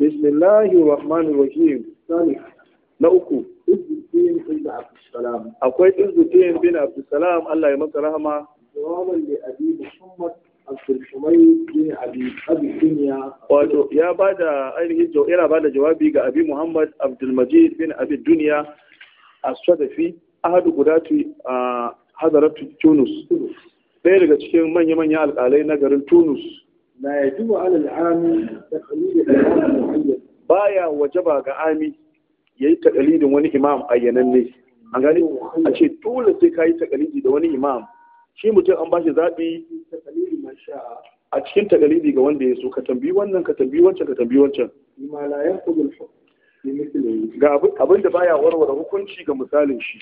بسم الله الرحمن الرحيم na uku akwai izzuddin bin abdussalam Allah ya masa rahama jawaban wato ya bada ainihin yana bada jawabi ga abi muhammad abdulmajid bin abi dunya as-sadafi ahadu gudatu hadaratu tunus ɗaya daga cikin manya-manyan alƙalai na garin Tunus. Na ya duba alal ami da kalilin imam mu'ayyan. Baya ga ami ya yi takalidin wani imam ayyanan ne. An gani a ce dole sai ka yi takalidi da wani imam. Shi mutum an bashi zaɓi a cikin takalidi ga wanda ya so ka tambi wannan ka tambi wancan ka tambi wancan. Ga abin da baya warware hukunci ga misalin shi.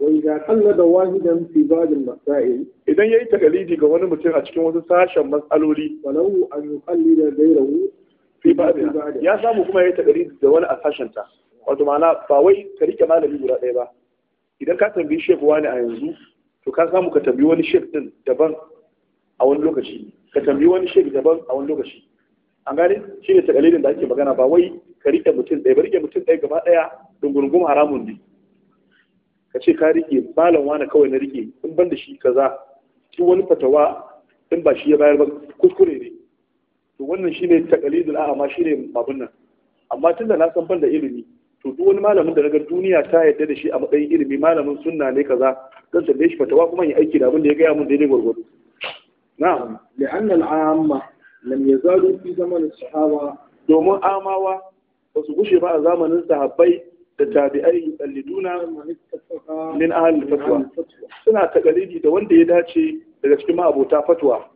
ya وإذا قلد واحدا في بعض المسائل إذا يأي تقليدي كوانا متين أتكين وانت ساشا مسألولي ولو أن يقلد ya samu kuma ya yi كما da wani a sashen ta. wato ma'ana ba wai ka rike malami guda ɗaya ba idan ka tambayi shek wani a yanzu to ka samu ka tambayi wani shek din daban a wani lokaci ka tambayi wani shek daban a wani lokaci an gane shi ne takalilin da ake magana ba wai ka rike mutum ɗaya ba rike mutum ɗaya gaba ɗaya dungurungun haramun ne ka ce ka rike malam wani kawai na rike in ban da shi kaza shi wani fatawa in ba shi ya bayar ba kuskure ne to wannan shine taqlidul a'ma shine babun nan amma tunda na san ban da ilimi to duk wani malamin da naga duniya ta yarda da shi a matsayin ilimi malamin sunna ne kaza zan tambaye shi fatawa kuma yi aiki da abin da ya gaya mun daidai gwargwado na'am li'anna al'amma lam yazalu fi zamanin sahaba domin amawa ba su gushe ba a zamanin sahabbai da tabi'ai yukalliduna min ahli fatwa suna taqalidi da wanda ya dace daga cikin ma'abota fatwa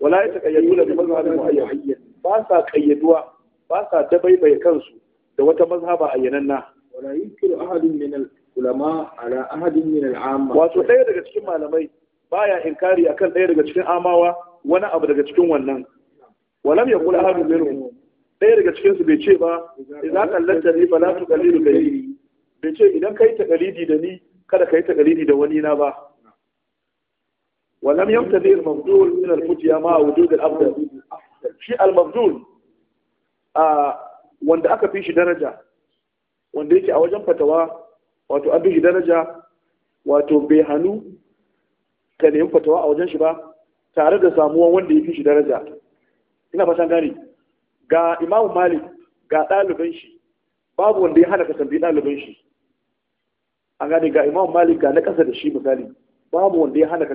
wala ya taqayyaduna bi mazhabin muayyan ba sa qayyaduwa ba sa dabaibaye kansu da wata mazhaba ayyananna wala yunkiru ahadun min ulama ala ahadin min al wato ɗaya daga cikin malamai baya inkari akan ɗaya daga cikin amawa wani abu daga cikin wannan walam yaqul ahadun minhum ɗaya daga cikin su bai ce ba idan kallanta ni fala tu qalilu gairi bai ce idan kai ta qalidi da ni kada kai ta qalidi da wani na ba al يمتدئ المبذول من الفتيا مع وجود Shi شيء a wanda aka fi shi daraja wanda yake a wajen fatawa wato an fi shi daraja wato bai hannu ka nemi fatawa a wajen shi ba tare da samuwa wanda ya fi shi daraja ina fatan gani ga imamu malik ga ɗaliban shi babu wanda ya hana ka tambayi ɗaliban shi A gane ga imamu malik ga na ƙasa da shi misali babu wanda ya hana ka na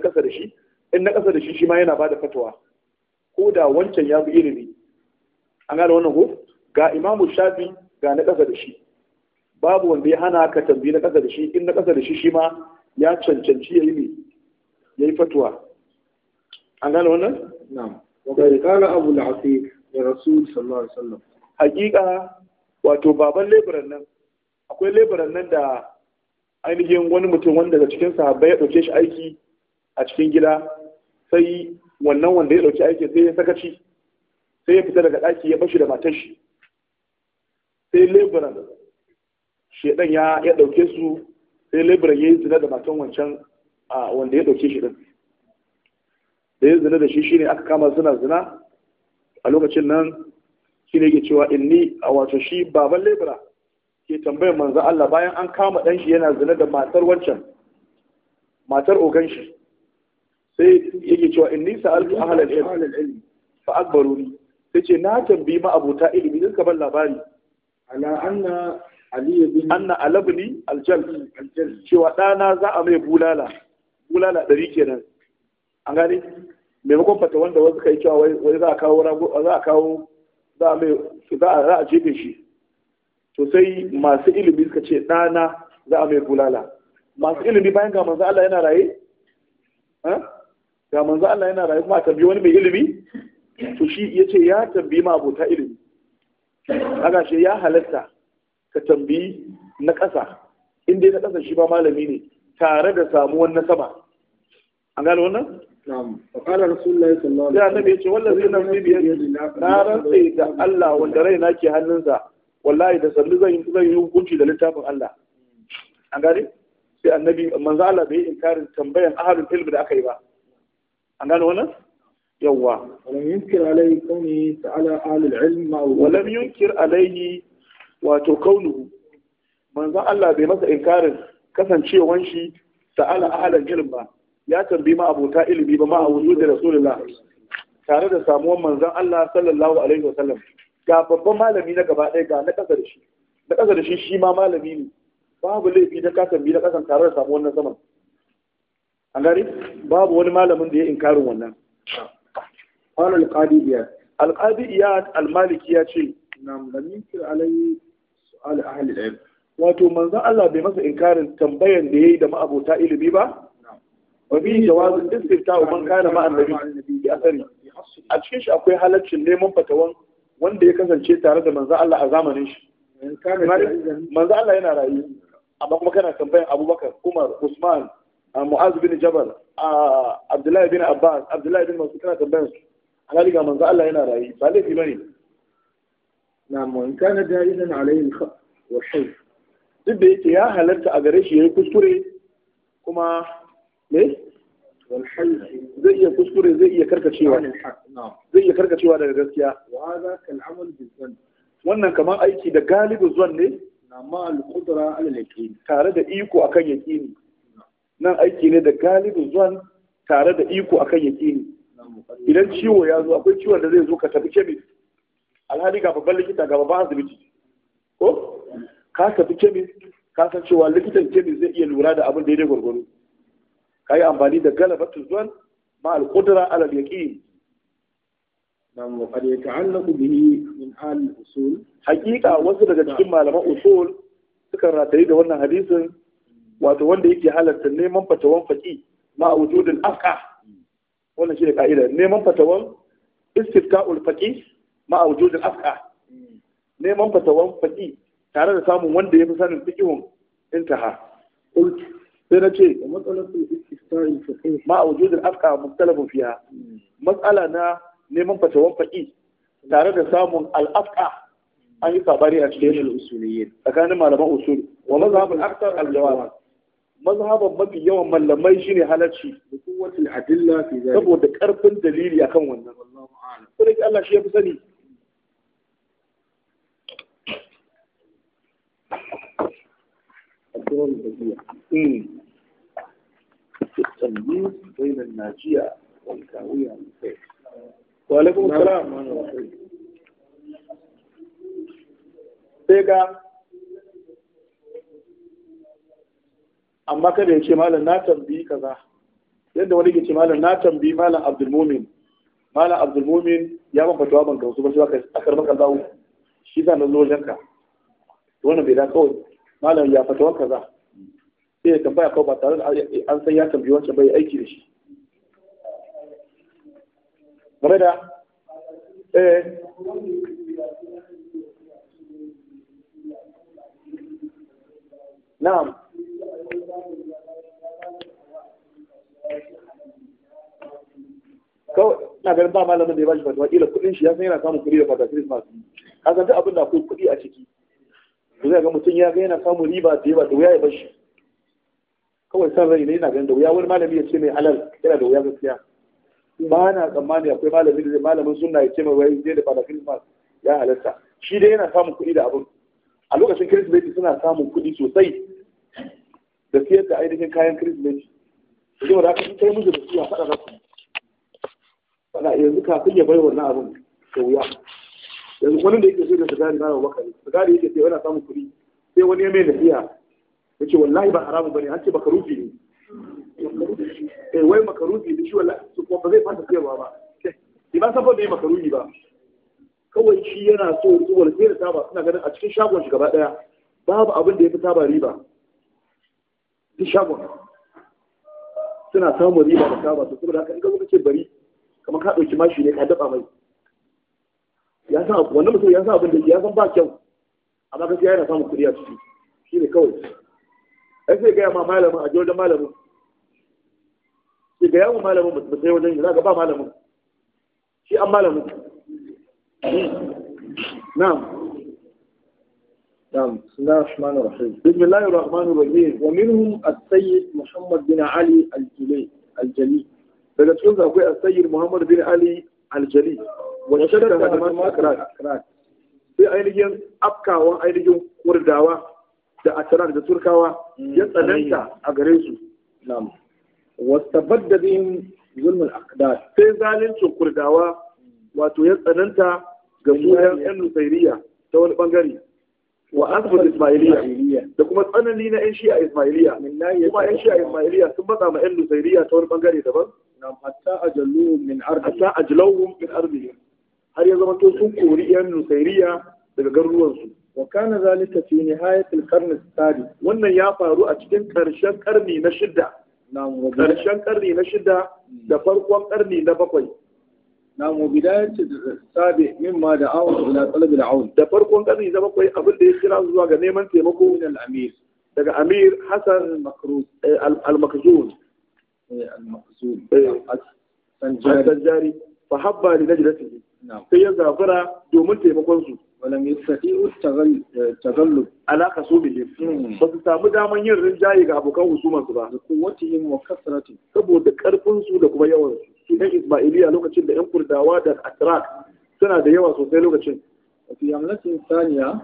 ƙasa da shi in na ƙasa da shi shi ma yana bada fatawa ko da wancan ya fi ilimi an gane wannan ko ga imamu shafi ga na ƙasa da shi babu wanda ya hana ka tambi na ƙasa da shi in na ƙasa da shi shi ma ya cancanci ya yi ne ya yi fatuwa an gane wannan na'am wa kala abu al da rasul sallallahu alaihi wasallam hakika wato baban leburan nan akwai leburan nan da ainihin wani mutum wanda daga cikin sahabbai ya dauke shi aiki a cikin gida sai wannan wanda ya dauki aiki sai ya sakaci sai ya fita daga daki ya bashi da matar shi sai leburan shedan ya ya dauke su sai leburan ya yi zina da matan wancan wanda ya dauke shi din da ya zina da shi shine aka kama suna zina a lokacin nan shi ne ke cewa inni a wato shi baban lebura ke tambayar manzan Allah bayan an kama ɗan shi yana zina da matar wancan matar ogan shi sai yake cewa inni sa'altu ahlal ilmi fa akbaruni sai ce na tambayi ma abota ilimi din ka ban labari ala anna ali bin anna alabni aljal cewa ɗana za a mai bulala bulala ɗari kenan an gane maimakon fata wanda wasu kai cewa wai za a kawo za a kawo za a mai za a jefe shi to sai masu ilimi suka ce ɗana za a mai bulala masu ilimi bayan ga manzo Allah yana raye ga manzo Allah yana raye kuma a tambayi wani mai ilimi to shi ya ce ya tambayi ma abota ilimi haka shi ya halatta ka tambayi na ƙasa inda na ƙasa shi ba malami ne tare da samuwan na sama an gane wannan Na'am. Fakala Rasulullahi sallallahu alaihi wasallam. Ya ce wallazi na rantsi da Allah wanda raina ke hannunsa. Wallahi da sallu zan zan yi hukunci da littafin Allah. An gane? Sai annabi manzo Allah bai inkarin tambayan ahalul ilmi da aka yi ba. An gane wannan? yawwa walam yunkir alayhi kauni ta'ala ahlul ilm ma walam yunkir alayhi wato kaunuhu manzon Allah bai masa inkarin kasancewan shi ta'ala al'adar ilm ba ya tambi ma abota ilimi ba ma a wuzu da rasulullah tare da samuwan manzon Allah sallallahu alaihi wa sallam. ga babban malami na gaba ɗaya ga na ƙasa da shi na ƙasa da shi shi ma malami ne babu laifi na ka tambi na ƙasan tare da samuwan wannan saman an gari babu wani malamin da ya inkarin wannan قال القاضي إياد القاضي إياد ya ce شيخ نعم لم ينكر عليه سؤال أهل ɗaya. wato manzon Allah bai masa inkarin tambayan da yayi da ma'abota ilimi ba wabi jawazin istifta wa man kana ma'an da bi asari a cikin shi akwai halaccin neman fatawan wanda ya kasance tare da manzo Allah a zamanin shi manzo Allah yana rayu amma kuma kana tambayan Abubakar Umar Usman Mu'az bin Jabal Abdullahi bin Abbas Abdullahi bin Mas'ud kana tambayan su alhali ga manzo Allah yana rayu ba laifi bane na'am Na in kana da'ilan alayhi al-khaf wa duk da yake ya halarta a gare shi yayi kuskure kuma me zai iya kuskure zai iya karkacewa zai iya karkacewa daga gaskiya wannan kamar aiki da galibu zuwan ne tare da iko akan yaqini nan aiki ne da galibu zuwan, tare da iko akan yaqini idan ciwo ya zo akwai ciwon da zai zo ka tafi kemis alhali ga babban likita ga babban asibiti ko ka tafi kemis ka san cewa likitan kemis zai iya lura da abin daidai gwargwaro ka yi amfani da galabatul zuwan ma al-qudra ala al-yaqin nam wa qad yata'allaqu bihi min hal usul haqiqa wasu daga cikin malaman usul suka rataye da wannan hadisin wato wanda yake halarta neman fatawan faqi ma wujudin afka wannan shi ne ka'ida neman fatawan istifka'ul faqi ma wujudin afka neman fatawan faqi tare da samun wanda ya fi sanin fikihun intaha sai na ce ma a wujudul afqa mustalafun fiya, matsala na neman fatawan faƙi tare da samun al'afka an yi sabari a cikin usuliyyin tsakanin malaman usuli wa mazhabin akthar al-jawab mazhaban mafi yawan mallamai shine halacci halarci, adilla saboda karfin dalili akan wannan wallahu a'lam Allah shi ya fi sani Mm. التمييز بين الناجية والكاوية وعليكم السلام سيقا amma kada ya ce malam na tambayi kaza yadda wani ke ce malam na tambayi malam abdulmumin malam abdulmumin ya ban fatawa ban gamsu ba shi baka akar maka zawo shi zan zo wajenka wannan bai da kawai malam ya fatawa kaza sai ya tambaya kawai ba tare da an san ya tambayi wancan bai aiki da shi game da eh na'am kawai na ganin ba malamin da ya bashi fatuwa ila kudin shi ya san yana samun kudi da fata christmas ka san abin da akwai kudi a ciki zai ga mutum ya ga yana samun riba da yawa da wuya ya bashi kawai san rai ne yana ganin da wuya wani malami ya ce mai halal yana da wuya gaskiya ba na tsammani akwai malami da malamin sunna ya ce mai wai je da fada christmas ya halarta shi dai yana samun kuɗi da abin a lokacin kirismeti suna samun kuɗi sosai da siyar da ainihin kayan kirismeti saboda haka sun kai musu da su a faɗa da su yanzu kafin ya bai wannan abin da wuya yanzu wani da yake so da sigari na wa bakari sigari yake sai yana samun kuɗi sai wani ya mai nasiha yace wallahi ba haramun bane an ce makarufi ne eh wai makarufi ne shi wallahi ko ba zai fata sayarwa ba shi ba san ba me makarufi ba kawai shi yana so zuwa sai da taba suna ganin a cikin shagon shi gaba daya babu abin da ya fi taba riba shi shagon suna samun riba da taba su saboda haka in ka ce bari kamar ka ɗauki mashi ne ka dafa mai ya san wannan mutum ya san abin da ya san ba kyau amma gaskiya yana samun kuriya ciki shi ne kawai ai sai gaya ma malamin a je malamin sai ga yawon malamin mutum sai wajen yi za ka ba malamin shi an malamin na'am نعم بسم الله الرحمن الرحيم بسم الله الرحمن الرحيم ومنهم السيد محمد بن علي الجلي الجلي daga cikin su akwai السيد محمد بن علي الجلي wanda ainihin afkawan ainihin kurdawa da atarar da turkawa mm, ya tsananta a gare su na'am wastabadda bihim zulmul aqdar sai zalincin kurdawa wato ya tsananta ga su yan nusairiya ta wani bangare wa asbar ismailiya da kuma tsanani na yan shi'a ismailiya kuma yan shi'a ismailiya sun matsa ma yan nusairiya ta wani bangare daban nam hatta ajalluhum min ardi hatta ajlawhum min ardi har ya zama to sun kori yan nusairiya daga garuruwansu wa kana zalika fi nihayatil qarn as wannan ya faru a cikin karshen karni na shida karshen karni na shida da farkon karni na bakwai na mu bidayatu sabi mimma da awon ila talab al-aun da farkon karni na bakwai abin da ya kira zuwa ga neman taimako min al-amir daga amir hasan al-makhzun eh, al-makhzun eh, eh, sanjari fa habba li najdatihi sai ya zafira domin taimakon su walam yastati'u tagallub ala kasubihim ba su samu daman yin rinjaye ga abokan husuman su ba quwwatihim wa kasratin saboda karfin da kuma yawan su dan ismailiya lokacin da yan kurdawa da atrak suna da yawa sosai lokacin fi amlatin saniya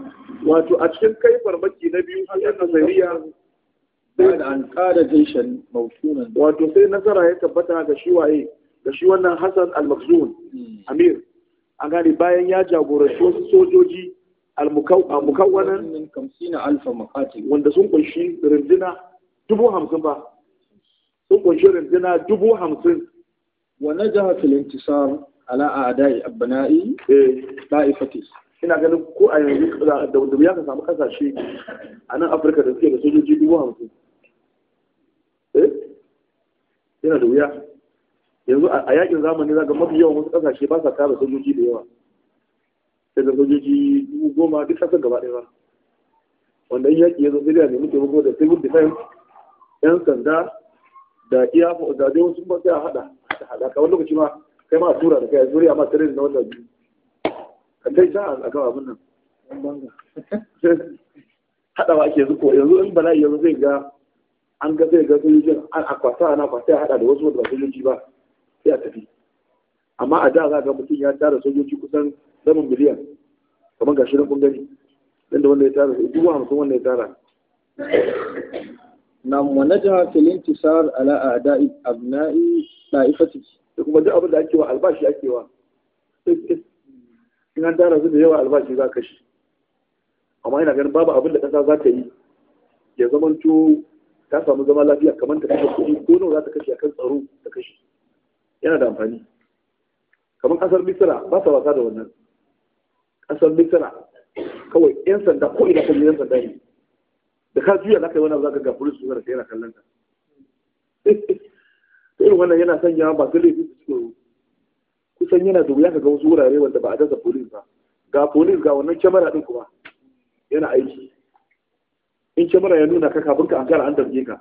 wato a cikin kai farmaki na biyu har yan nazariya da an kada jaishan mawsunan wato sai nasara ya tabbata ga shi wannan Hassan al-Makhzun Amir an gane bayan ya jagoranci wasu sojoji a mukawwanan wanda sun kunshi rindina dubu hamsin ba sun kunshi rindina dubu hamsin wa najaha fil intisar ala a'da'i abna'i ta'ifati ina ganin ko a yanzu da da ya samu kasashe a nan Afirka da suke da sojoji dubu hamsin eh yana da wuya yanzu a yakin zamani zaga mafi yawan wasu kasashe ba sa tara sojoji da yawa sai da sojoji dubu goma duk kasar gaba ɗaya ba wanda in yaƙi ya zo sai ne muke rubuta da civil defense yan sanda da iya da dai wasu ba sai a haɗa da hada kawai lokaci ma kai ma a tura da kai a amma ma tare da wannan biyu a kai sa a gaba abin nan haɗawa ake zuko yanzu in bala'i yanzu zai ga an ga zai ga sojojin an akwata ana kwata ya haɗa da wasu wanda ba sojoji ba sai a tafi amma a da za ga mutum ya tara sojoji kusan zaman miliyan kamar ga shirin kun gani dan da wanda ya tara sai dubu hamsin wanda ya tara nam wa najaha fil intisar ala a'da'i abna'i da'ifati da kuma duk abin da ake wa albashi ake wa in an tara su da yawa albashi za ka shi amma ina ganin babu abin da kasa za ta yi ya zamanto ta samu zama lafiya kamar ta kashe kuɗi ko nawa za ta kashe akan tsaro ta kashe yana da amfani kamar kasar misira ba sa wasa da wannan kasar misira kawai yan sanda ko ina kuma yan sanda ne da ka juya za ka yi wani za ka ga police suna da yana kallon ka yi wannan yana sanya ba su laifin su tsoro kusan yana da wuya ka ga wasu wurare wanda ba a dasa police ba ga police ga wannan kyamara din kuma yana aiki in kyamara ya nuna ka kafin ka an gara an damge ka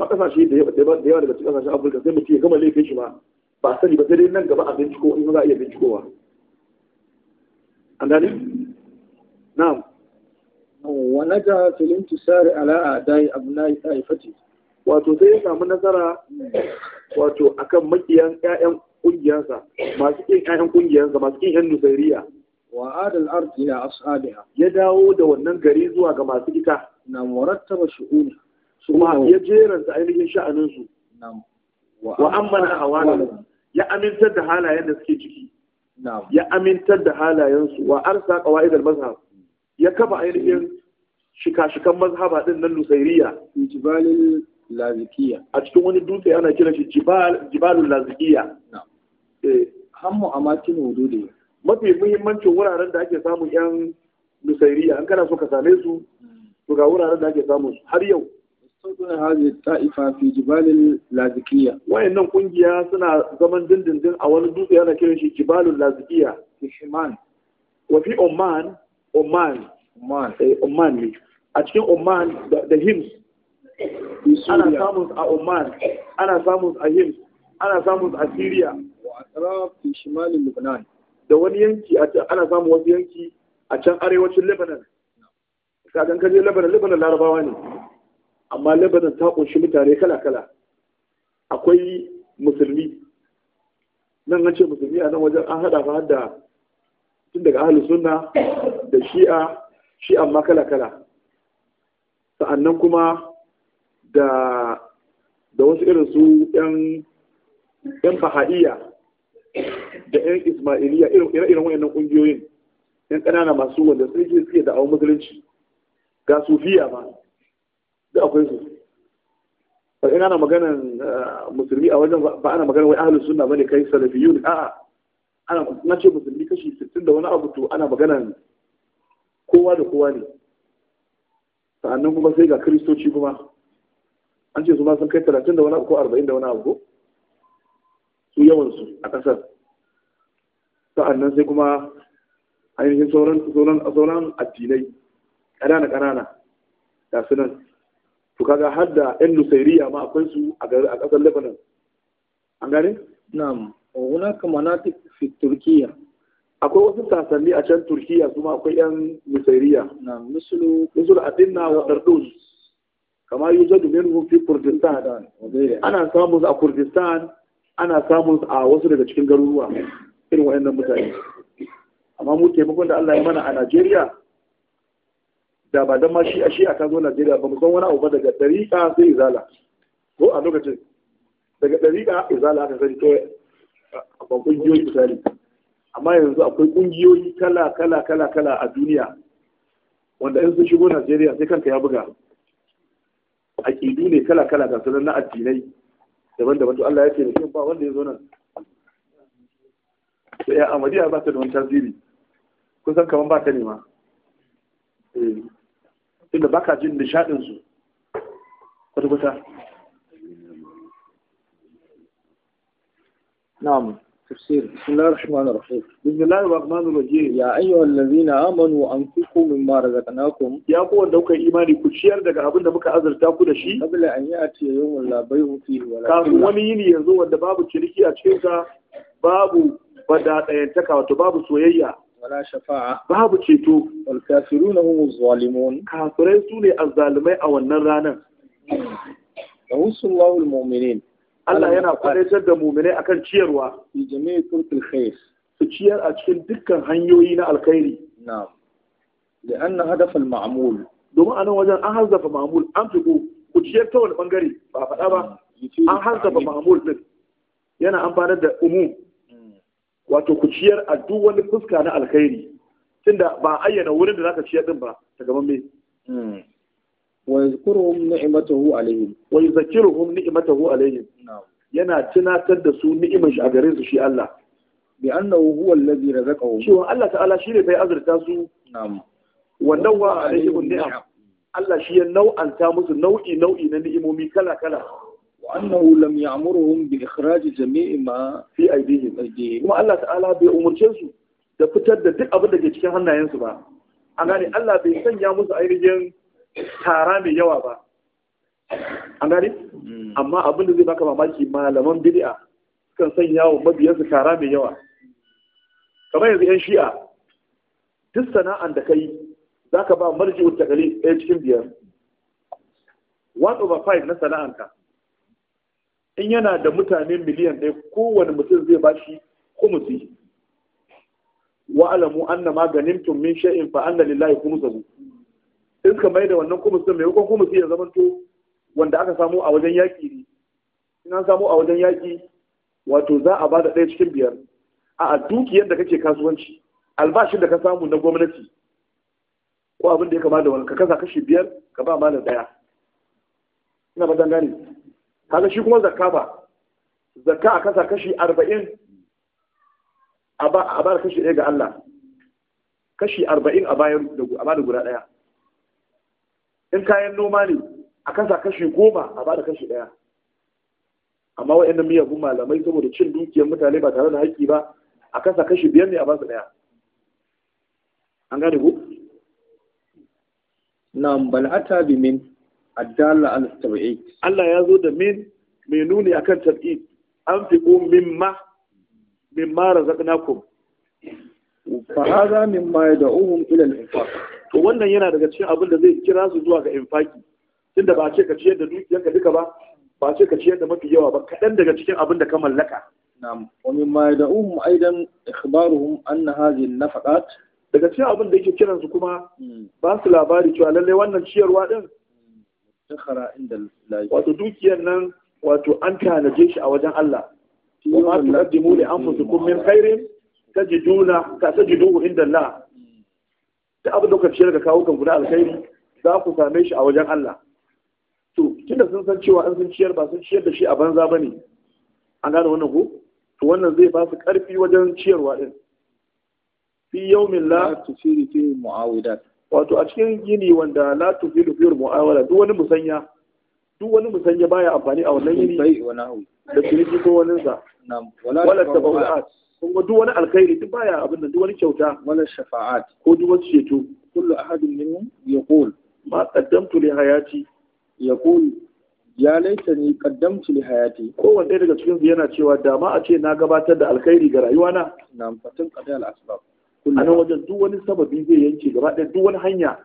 amma kasashe da yawa daga cikin kasashen afirka sai mutum ya gama laifin shi ma ba sani ba sai dai nan gaba a binciko in za a iya bincikowa an gani na'am wa naja fil intisari ala adai abnai taifati wato sai ya samu nasara wato akan makiyan ƴaƴan kungiyarsa masu kin ƴaƴan kungiyarsa masu kin ƴan nusairiya wa adal ardi ya ashabiha ya dawo da wannan gari zuwa ga masu ita na murattaba shu'una su ma ya jeranta ainihin sha'aninsu wa amman hawalan ya amintar da halayen da suke ciki ya amintar da halayensu wa arsa qawaid al-mazhab ya kafa ainihin shika-shikan mazhaba din nan lusairiya jibalul lazikiya a cikin wani dutse ana kiran shi jibalul lazikiya eh hammu amatin wududi mafi muhimmancin wuraren da ake samun yan lusairiya an kana so ka same su to ga wuraren da ake samun su har yau sautuna hazi ta'ifa fi jibalin lazikiya wayannan kungiya suna zaman dindindin a wani dutse yana kiran shi jibalin lazikiya fi shiman wa fi Oman Oman Oman eh Oman ne a cikin Oman da Hims ana samun a Oman ana samun a Hims ana samun a Syria wa atraf fi shimalin Lebanon da wani yanki a can ana samun wasu yanki a can arewacin Lebanon kagan kaje Lebanon Lebanon larabawa ne amma lebanon ta kunshi mutane kala-kala akwai musulmi nan an ce musulmi a nan wajen an haɗa fa da tun daga ahalus sunna da shi'a shi'an ma kala-kala sa'annan kuma da da wasu irin su yan yan fahadiyya da yan ismailiyya irin wayannan kungiyoyin yan ƙanana masu wanda suke suke da'awun musulunci ga sufiya ma da akwai su ba in ana maganan eh, musulmi a wajen ba ana maganan wai ahlus sunna bane kai salafiyun a'a ana na ce musulmi kashi 60 da wani abu to ana maganan kowa da kowa ne sa'annan kuma sai ga kristoci kuma an ce su ma sun kai 30 da wani abu ko 40 da wani abu su yawansu a ƙasar sa'annan sai kuma ainihin sauran sauran addinai ƙanana ƙanana ga su nan to kaga har da yan nusairiya ma akwai su a ƙasar lebanon an gane na'am wuna kamanatik fi turkiya akwai wasu sasanni a can turkiya su ma akwai yan nusairiya na'am mislu mislu adinna wa kamar yi zai minhum fi kurdistan ana samun a kurdistan ana samun a wasu daga cikin garuruwa irin waɗannan mutane amma mu taimakon da Allah ya mana a Najeriya da ba don shi a shi a kazo Najeriya ba mu wani abu ba daga dariƙa sai izala ko a lokacin daga dariƙa izala aka sani kai a ƙungiyoyi misali amma yanzu akwai ƙungiyoyi kala kala kala kala a duniya wanda in sun shigo Najeriya sai kanka ya buga aƙidu ne kala kala ga sunan na addinai daban-daban to Allah ya ce mutum ba wanda ya zo nan sai ya amadiya ba ta da wani tasiri kusan kaman ba ta ne ma eh. inda baka jin nishaɗinsu wata kusa نعم تفسير بسم الله الرحمن الرحيم بسم الله الرحمن الرحيم يا ايها الذين امنوا انفقوا مما رزقناكم يا قوه دوك ايماني ku ciyar daga abin da muka azurta ku da shi qabla an yati yawm la bay'u wani yini yanzu wanda babu ciniki a cikin ka babu bada wato babu soyayya wala shafa'a babu ceto wal kafiruna hum zalimun kafirai su ne a wannan ranar yawusullahu al mu'minin Allah yana kwadaitar da mu'minai akan ciyarwa fi jami'i turkil khair su ciyar a cikin dukkan hanyoyi na alkhairi na'am li'anna hadaf al ma'mul domin anan wajen an an ku ciyar ta wani bangare ba faɗa ba an hazafa ma'mul din yana amfanar da umu wato ku ciyar a duk wani fuska na alkhairi tunda ba ayyana wurin da zaka ciyar din ba ta gaban me hmm. wa yadhkuruhum ni'matahu alaihim wa yadhkuruhum ni'matahu alaihim yana tunatar da su ni'imar shi a gare su shi Allah bi annahu huwa allazi razaqahum shi Allah ta'ala shi ne bai azurta su na'am wannan wa alaihim ni'am Allah shi ya nau'anta musu nau'i nau'i na ni'imomi kala kala وأنه لم يأمرهم بإخراج جميع ما في أيديهم كما الله تعالى بأمرجن su da fitar da duk abin da ke cikin hannayensu ba an gane Allah bai sanya musu ainihin tara mai yawa ba an gane amma abin da zai baka mamaki malaman bid'a sukan sanya wa su tara mai yawa kamar yanzu yan shi'a duk sana'an da kai zaka ba marji'u takali ɗaya cikin biyar one over five na sana'anka in yana da mutane miliyan ɗaya kowane mutum zai ba shi kumusi wa alamu an na maganin tummin sha'in fa anna lillahi zu in ka mai da wannan kumusin mai hukun kumusi ya zama to wanda aka samu a wajen yaƙi ne in an samu a wajen yaƙi wato za a ba da ɗaya cikin biyar a dukiyar da kake kasuwanci albashin da ka samu na gwamnati ko abin da ya kama da wani ka kasa kashi biyar ka ba da ɗaya ina ba dangane. kaga shi kuma zakka ba zakka a kasa kashi arba'in a ba kashi ɗaya ga Allah kashi arba'in a bayan a ba da guda ɗaya in kayan noma ne a kasa kashi goma a ba da kashi ɗaya amma wa'annan miyagun malamai saboda cin dukiyar mutane ba tare da haƙƙi ba a kasa kashi biyar ne a ba su ɗaya an gane ku na'am bal'ata ata min الدالة على tabi'i Allah ya zo da min mai nuni akan tabi'i an fi ko mimma mimma razaqnakum fa hada mimma yad'uhum ila al-infaq to wannan yana daga cikin abin da zai kira su zuwa ga infaki tunda ba ce ka ciyar da duka ba ba ce ka mafi yawa ba kaɗan daga cikin abin da ka mallaka na'am wa aidan ikhbaruhum anna hadhihi an daga cikin abin da yake kiransu kuma hmm. ba su labari cewa lallai wannan ciyarwa din inda wato dukiyar nan wato an tanaje shi a wajen Allah wa ma tuqaddimu li anfusikum min khairin tajiduna ka tajiduhu inda Allah da abu lokaci kuka ciyar da kawo kan guda alkhairi za ku same shi a wajen Allah to tunda sun san cewa an sun ciyar ba sun ciyar da shi a banza bane an gane wannan ko to wannan zai ba su karfi wajen ciyarwa din fi yawmin la tusiri fi muawidat wato a cikin gini wanda la lu fiyar mu'amala duk wani musanya duk wani musanya baya amfani a wannan yini da ciniki ko wani sa wala tabawu'at kuma duk wani alkhairi duk baya abin nan duk wani kyauta wala shafa'at ko duk wani ceto kullu ahadin minhum yaqul ma qaddamtu li hayati yaqul ya laita ni qaddamtu li hayati kowanne daga cikin su yana cewa dama a ce na gabatar da alkhairi ga rayuwana na fatan qadal asbab a nan wajen duk wani sababi zai yanke gaba ɗaya duk wani hanya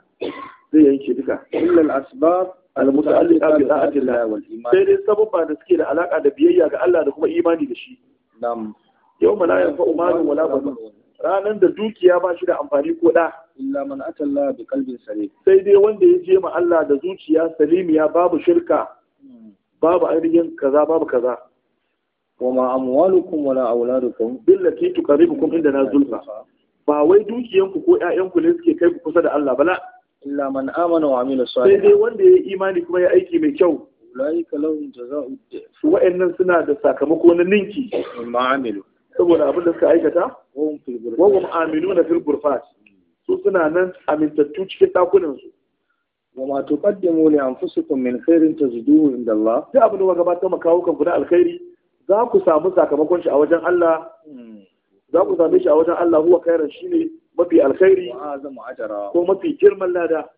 zai yanke duka illal asbab al-muta'alliqa bi Allah wal iman sai dai sababa da suke da alaka da biyayya ga Allah da kuma imani da shi nam yawma la yanfa'u malun wala banun ranan da dukiya ba shi da amfani ko da illa man atalla bi qalbin salim sai dai wanda ya je ma Allah da zuciya salimiya babu shirka hmm. babu ainihin kaza babu kaza wa ma amwalukum wala auladukum billati tuqarribukum na zulfa ba wai dukiyanku ko 'ya'yanku ne suke kai ku kusa da Allah bala illa man amana wa amila salih sai dai wanda ya imani kuma ya aiki mai kyau kalawun da za su wa'annan suna da sakamako na ninki ma saboda abin da suka aikata wa hum aminuna fil ghurfat su suna nan amintattu cikin dakunan su wa ma an li anfusikum min khairin tajiduhu inda Allah duk abin da wa gabatar makawo kanku na alkhairi za ku samu sakamakon shi a wajen Allah hmm. za ku same shi a wajen Allah huwa khairan shine mafi alkhairi ko mafi girman lada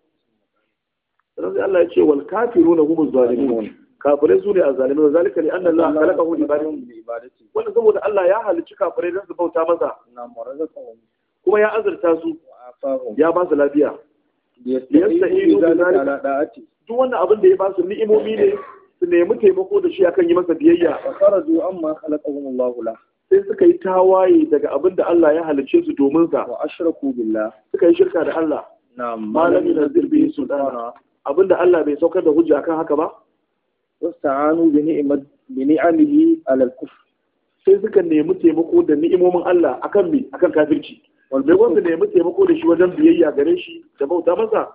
sai Allah ya ce wal kafiruna hum zalimun kafirai su ne a zalimin zalika ne anna Allah khalaqa hu ibadati wannan saboda Allah ya halicci kafirai don su bauta masa kuma ya azurta su ya ba su lafiya yasta'idu da zalika duk wannan abin da ya ba su ni'imomi ne su nemi taimako da shi akan yi masa biyayya wa zuwa amma khalaqahum Allah sai suka yi tawaye daga abin da Allah ya halicce su domin sa wa ashraku billah suka yi shirka da Allah na'am malami na zirbi su. abinda Allah bai saukar da hujja akan haka ba wasta'anu bi ni'mat bi ni'amihi ala kufr sai suka nemi taimako da ni'imomin Allah akan me akan kafirci bai wanda nemi taimako da shi wajen biyayya gare shi da bauta masa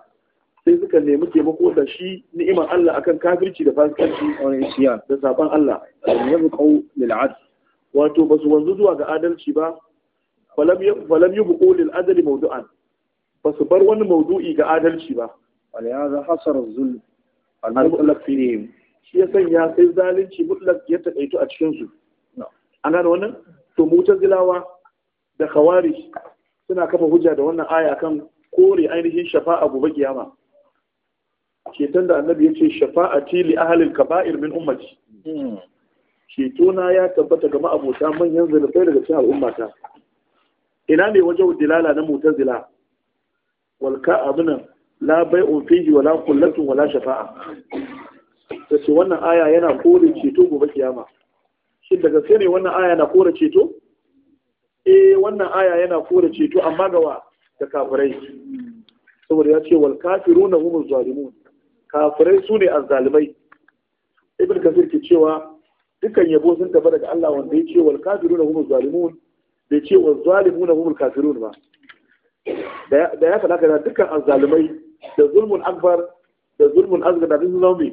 sai suka nemi taimako da shi ni'imar Allah akan kafirci da fasikanci da saban Allah yanzu qau lil'ad wato ba su wanzu zuwa ga adalci ba falam yi bukolin adali maudu'an ba su bar wani maudu'i ga adalci ba waliyaza hasar zul al shi ya sanya sai zalunci mutlak ya takaitu a cikin su an gane wannan to zilawa da Kawari suna kafa hujja da wannan aya akan kore ainihin shafa'a gobe kiyama ceton da annabi ya ce shafa'ati li ahlil kaba'ir min ummati hmm. cetona ya tabbata ga ma'abota manyan zalibai daga cikin al'ummata ina ne wajen dilala na mutazila wal ka'abunan la bai'un fihi wala kullatun wala shafa'a tace wannan aya yana kore ceto gobe kiyama shin daga sai ne wannan aya na kore ceto eh wannan aya yana kore ceto amma ga wa da kafirai saboda ya ce wal kafiruna humuz zalimun kafirai sune azzalimai ibn kafir ke cewa dukkan yabo sun tafi daga Allah wanda ya ce wal kafirun hum zalimun da ce zalimun hum al kafirun ba da ya faɗa kaza dukkan azzalimai da zulmun akbar da zulmun azgar da zulmun zombi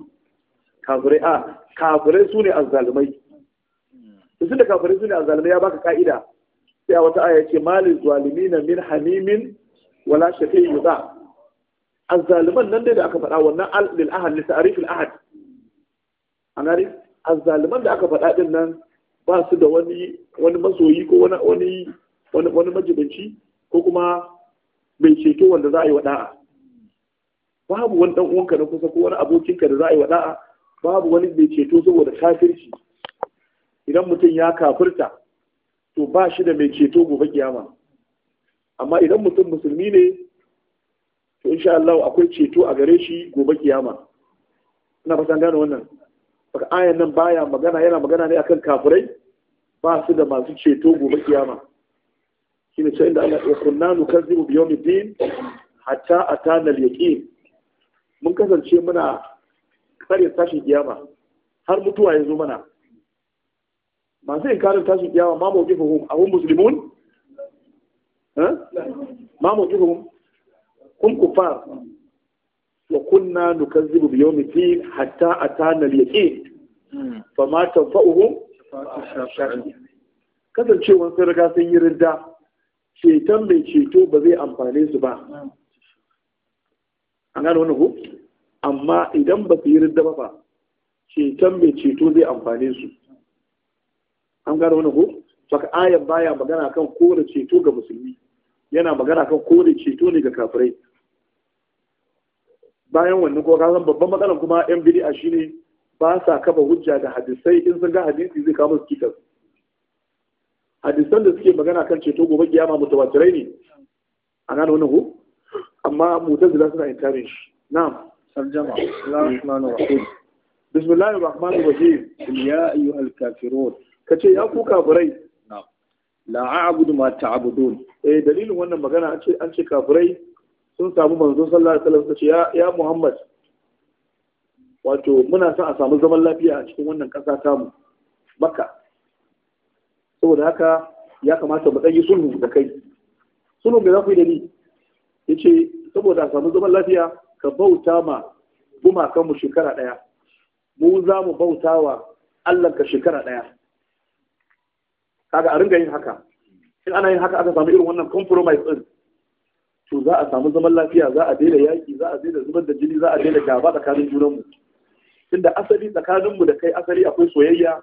kafirai a kafirai su ne azzalimai sun da kafirai su ne azzalimai ya baka ka'ida sai a wata aya ce malin zalimin min hamimin wala shafi'i yuda azzaliman nan dai da aka faɗa wannan al lil ahad li ta'rif al ahad an azzaliman da aka faɗa din nan ba su da wani wani masoyi ko wani wani wani wani majibanci ko kuma mai ceto wanda za a yi wada'a babu wani dan uwanka na kusa ko wani abokinka da za a yi wada'a babu wani mai ceto saboda kafirci idan mutum ya kafirta to ba shi da mai ceto gobe kiyama amma idan mutum musulmi ne to insha Allah akwai ceto a gare shi gobe kiyama ina fatan gane wannan Baka ayan nan baya magana yana magana ne akan kafirai ba su da masu ceto gobe kiyama Shi ne inda Allah ya kunna nukazzibu bi din hatta atana al-yaqin mun kasance muna kare tashi kiyama har mutuwa ya zo mana masu karin tashin kiyama ma mu gifu hum ahum muslimun ma mu gifu hum kum kufar wa kunna nukazzibu bi yawmi din hatta atana al-yaqin hmm. fa ma tanfa'uhum kasancewan sun riga sun yi ridda ceton mai ceto ba zai amfane su ba hmm. an gane wani ku amma idan ba su yi ridda ba fa ceton mai ceto zai amfane su an gane wani ku saka ayan baya magana kan kowane ceto ga musulmi yana magana kan kowane ceto ne ga kafirai bayan wannan ko kasan babban matsalar kuma yan bid'a shine ba sa kafa hujja da hadisai in sun ga hadisi zai kawo musu cikas hadisan da suke magana kan ceto gobe kiyama mutawatirai ne a gane wannan ko amma mutazila suna inkarin shi na'am sarjama rahmanur rahim bismillahir rahmanir rahim ya ayyuhal kafirun kace ya ku kafirai na'am la a'budu ma ta'budun eh dalilin wannan magana an ce an ce kafirai sun samu manzo sallallahu alaihi wasallam sace ya Muhammad wato muna son a samu zaman lafiya a cikin wannan ƙasa tamu Makka saboda haka ya kamata mu tsayi sulhu da kai sulhu da za ku yi da ni ya ce saboda a samu zaman lafiya ka bauta ma gumakanmu shekara ɗaya mu za mu bauta wa Allah ka shekara ɗaya kaga a ringa yin haka in ana yin haka aka samu irin wannan compromise din to za a samu zaman lafiya za a daina yaƙi za a daina zubar da jini za a daina gaba tsakanin junanmu tunda asali tsakaninmu da kai asali akwai soyayya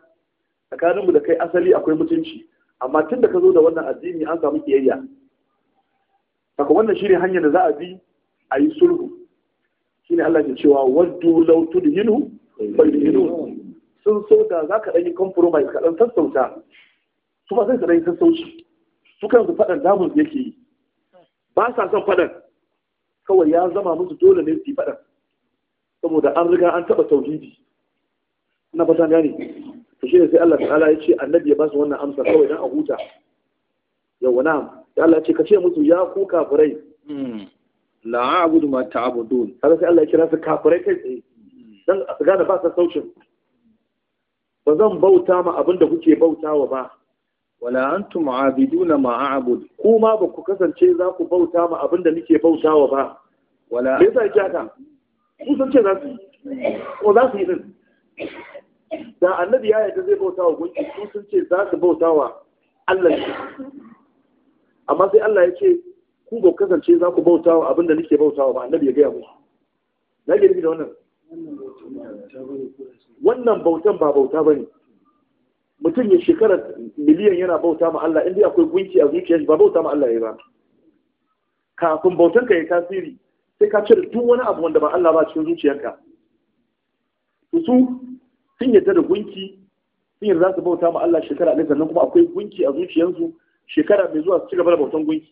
tsakaninmu da kai asali akwai mutunci amma tun da ka zo da wannan addini an samu kiyayya saka wannan shine hanyar da za a bi a yi sulhu shine Allah ke cewa waddu law tudhinu fadhinu sun so da za ka ɗanyi compromise ka ɗan sassauta su ba sai ka ɗanyi sassauci su su faɗan damun yake yi ba sa son fadan kawai ya zama musu dole ne su fadan saboda an riga an taba tauhidi ina san gani to shi ne sai Allah ta'ala ya ce annabi ya ba su wannan amsa kawai dan a huta yawa na ya Allah ce ka ce musu ya ku kafirai hmm. la a'budu ma ta'budun kaga sai Allah ya kira su kafirai kai tsaye dan su gane ba sa saucin ba zan bauta ma abinda kuke bautawa ba wala antum aabiduna ma a'bud ku ma ba ku kasance za ku bauta ma abin da nake bautawa ba wala me yasa yake haka ku san ce za su ko za su yi din da annabi ya yadda zai bautawa gunki su sun ce za su bautawa Allah ne? amma sai Allah ya ce ku ba ku kasance za ku bautawa abin da nake bautawa ba annabi ya gaya mu na girbi da wannan wannan bautan ba bauta bane mutum ya shekara miliyan yana bauta ma Allah inda akwai gunki a zuciyar ba bauta ma Allah ya ba kafin bautan ka ya tasiri sai ka cire duk wani abu wanda ba Allah ba cikin zuciyarka su sun yadda da gunki sun yadda za su bauta ma Allah shekara ne, sannan kuma akwai gunki a zuciyarsu shekara mai zuwa su ci gaba da bautan gunki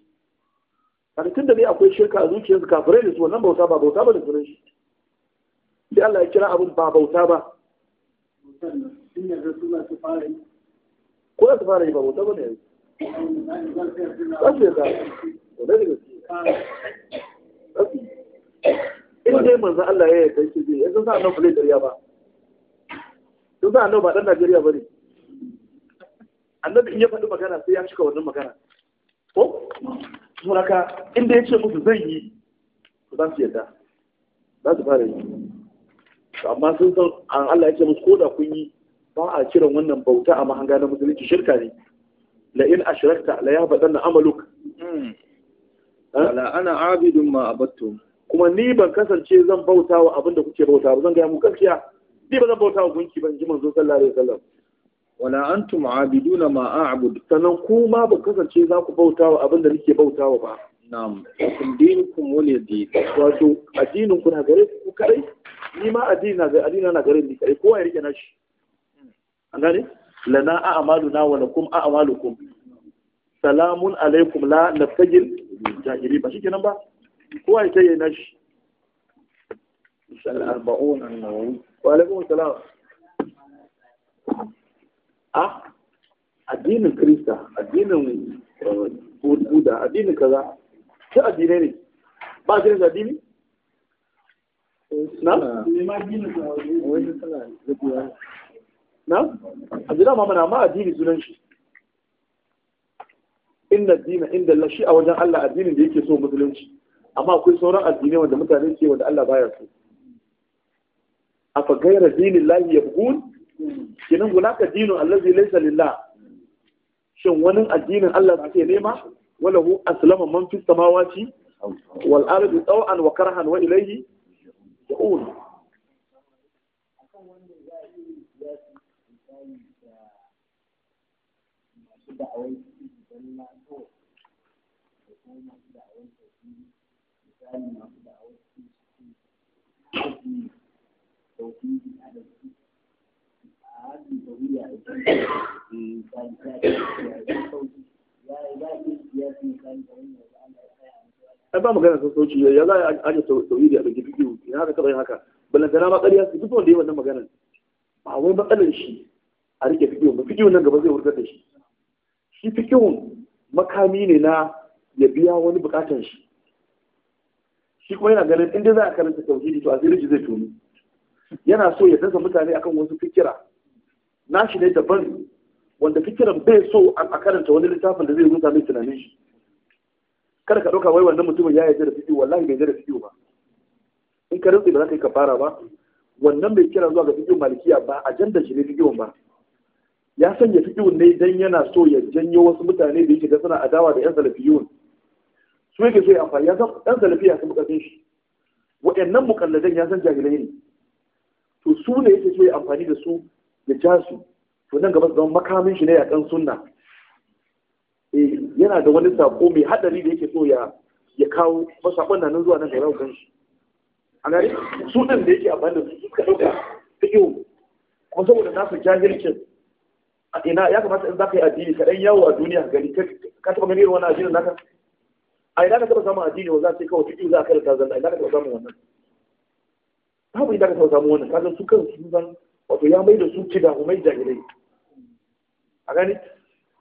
kaga tunda ne akwai shirka a zuciyarsu kafirai da su wannan bauta ba bauta ba da sunan shi sai Allah ya kira abin ba bauta ba tun da rasula su yi ko da su fara yi ba bauta bane yanzu za su yarda ba. da gaske in dai manzo Allah ya yarda shi zai yanzu sa'an nan fulai zai ƙarya ba yanzu sa'an nan ba ɗan Najeriya ba ne annabi in ya faɗi magana sai ya cika wannan magana ko saboda haka in dai ya ce musu zan yi za su yarda za su fara yi amma sun san an Allah ya ce musu ko da kun yi ba a kiran wannan bauta a mahanga na musulunci shirka ne la in ashrakta la na amaluk hmm. wala ana abidun ma abattum kuma ni ban kasance zan bauta wa abinda kuke bauta ba zan ga mu gaskiya ni ba zan bauta wa gunki ban ji manzo sallallahu alaihi wasallam wala antum abiduna ma a'bud sanan ku ma ban kasance za ku bauta wa abinda nake bauta wa ba na'am kun dinukum wala din wato addinin ku na gare ku kai ni ma addini na gare na gare ni kai kowa ya rike nashi an gane lana wa lakum kum salamun alaikum la fagin jahiri ba nan ba kowa ya tayi na shi arbaun wa ah addinin krista addinin uh, buda addinin kaza ta addinai ne ba shi da addini eh, na a jira ma ma addini sunan shi inna dina inda Allah a wajen Allah addinin da yake so musulunci amma akwai sauran addinai wanda mutane ke wanda Allah baya so afa gaira dinin lahi yabghun kinan gunaka dinu allazi laysa lillah shin wani addinin Allah suke nema wala hu aslama man fi samawati wal ardi taw'an wa karhan wa'ilaihi ilayhi ya'un masu da awai da kuma masu misali masu a da su a da wuya misali ta ya yi ya yi ba iya misali da yanzu ana ai ba magana sun sauci ya za a aje tauhidi a ɗauki ina haka kaba yin haka balantana ma su duk wanda ya wannan maganar ba wani matsalar shi a rike bidiyo ba bidiyo nan gaba zai wurgar da shi shi fikihun makami ne na ya biya wani bukatan shi shi kuma yana ganin inda za a karanta tauhidi to asiri zai tuni yana so ya dasa mutane akan wasu fikira Na shi ne daban wanda fikiran bai so a karanta wani littafin da zai rusa mai tunanin shi kada ka ɗauka wai wannan mutumin ya yarda da fiki wallahi bai yarda da fiki ba in ka rantsi ba za ka yi kafara ba wannan bai kira zuwa ga fikin malikiya ba ajandar shi ne fikin ba ya sanya fiƙihun ne dan yana so ya janyo wasu mutane da yake da suna adawa da 'yan salafiyun su yake so ya amfani ya san 'yan salafiya sun bukatun shi waɗannan mukalladan ya san jahilai ne to su ne yake so ya amfani da su ya ja su to nan gaba su zama makamin shi ne kan sunna eh, yana da wani sako mai hadari da yake so ya ya kawo ba sakon nan zuwa nan gaba kan shi a su nan da yake amfani da su suka dauka fiƙihun kuma saboda nasu jahilcin ina ya kamata in za ka yi addini ka ɗan yawo a duniya ka gani ka taɓa gani wani addini naka a ina ka taɓa samun addini wanda za ce kawai fiƙi za a karanta zan a ina ka taɓa samun wannan babu ina ka taɓa samun wannan kaga su kan su zan wato ya mai da su ci da umai dai? a gani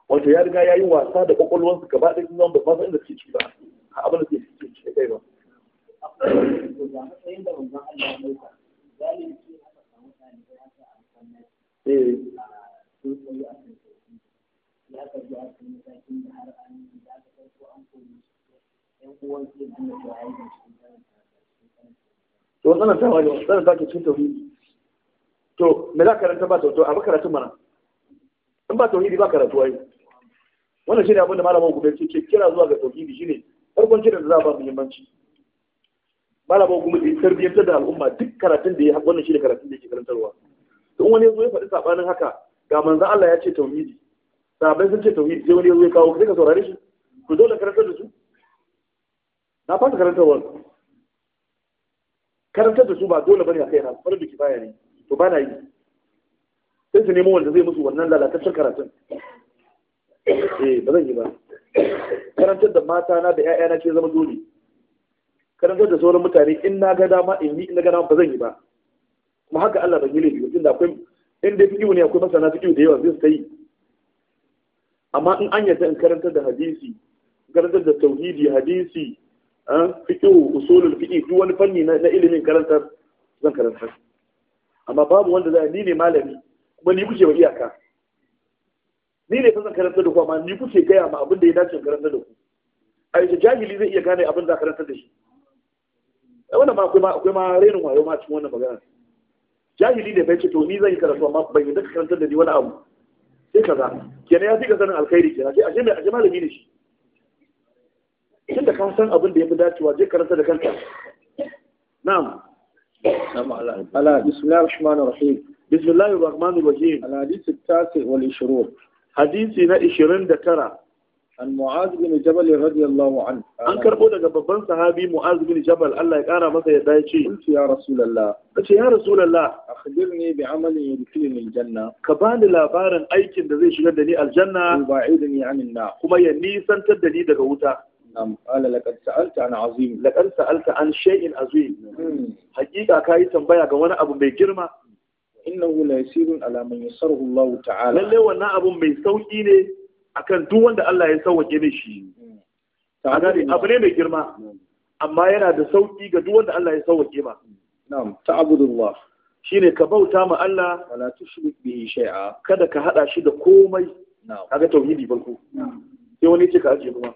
wato ya riga ya yi wasa da su gaba ɗaya sun zan ba san inda suke ci ba a abin da suke ci kai ba. Eh. tsaye a kan a kan yi cikin to wannan tawa ne wannan ta ke cikin tauhidi to me za ka karanta ba tauhidi a makaratun mana in ba tauhidi ba karatu ai wannan shine abin da malamin gobe ce ke kira zuwa ga tauhidi shine farkon kiran da za ba muhimmanci malamin gobe da tarbiyyantar da al'umma duk karatun da ya wannan shine karatun da yake karantarwa wani ya faɗi sabanin haka ga manzan Allah ya ce tauhidi sabai sun ce tauhidi sai wani ya kawo sai ka saurare shi ku dole karantar da su na fata karantar karantar da su ba dole bane a kai na farin da kifaya ne to ba na yi sai su nemo wanda zai musu wannan lalataccen karatun eh ba zan yi ba karantar da mata na da ƴaƴa na ce zama dole karantar da sauran mutane in na ga dama in ni in na ga dama ba zan yi ba kuma haka Allah ban yi laifi tunda akwai in da fiƙihu ne akwai masana fiƙihu da yawa zai ta yi amma in an yadda in karantar da hadisi karantar da tauhidi hadisi eh, fiƙihu usulul fiƙi duk wani fanni na ilimin karantar zan karantar amma babu wanda za ni ne malami kuma ni kuke wa iyaka ni ne fasan zan karantar da ku amma ni kuke gaya ma abin da ya dace karantar da ku a yanzu jahili zai iya gane abin da karantar da shi eh, wannan ma akwai ma renin wayo ma cikin wannan magana jahili da bai ce to ni zan yi karatu amma bai yadda karantar da ni wani abu sai za kenan ya fi ga sanin alkhairi kenan sai ashe mai ashe malami ne shi tunda ka san abin da ya fi dacewa je karanta da kanka na'am ala bismillahir rahmanir rahim bismillahir rahmanir rahim ala hadith at-tasi wal hadisi na 29 an mu'az bin jabal radiyallahu an an karbo daga babban sahabi mu'az bin jabal Allah ya kara masa yadda ya ce kuntu ya rasulullah kace ya rasulullah akhbirni bi amali yudkhilni aljanna ka bani labarin aikin da zai shigar da ni aljanna ba'idni anin na kuma ya nisantar da ni daga wuta na'am qala laqad sa'alta an azim laqad sa'alta an azim hmm. hakika kai tambaya ga wani abu mai girma innahu la yasirun ala man yasarhu Allah ta'ala lalle wannan abun mai sauƙi ne akan duk wanda Allah ya sauwake ne shi abu ne mai girma amma yana da sauki ga duk wanda Allah ya sauwake ma na'am ta'budullah shine ka bauta ma Allah wala tushrik bihi shay'a kada ka hada shi da komai kaga tauhidi banko sai wani ce ka aje kuma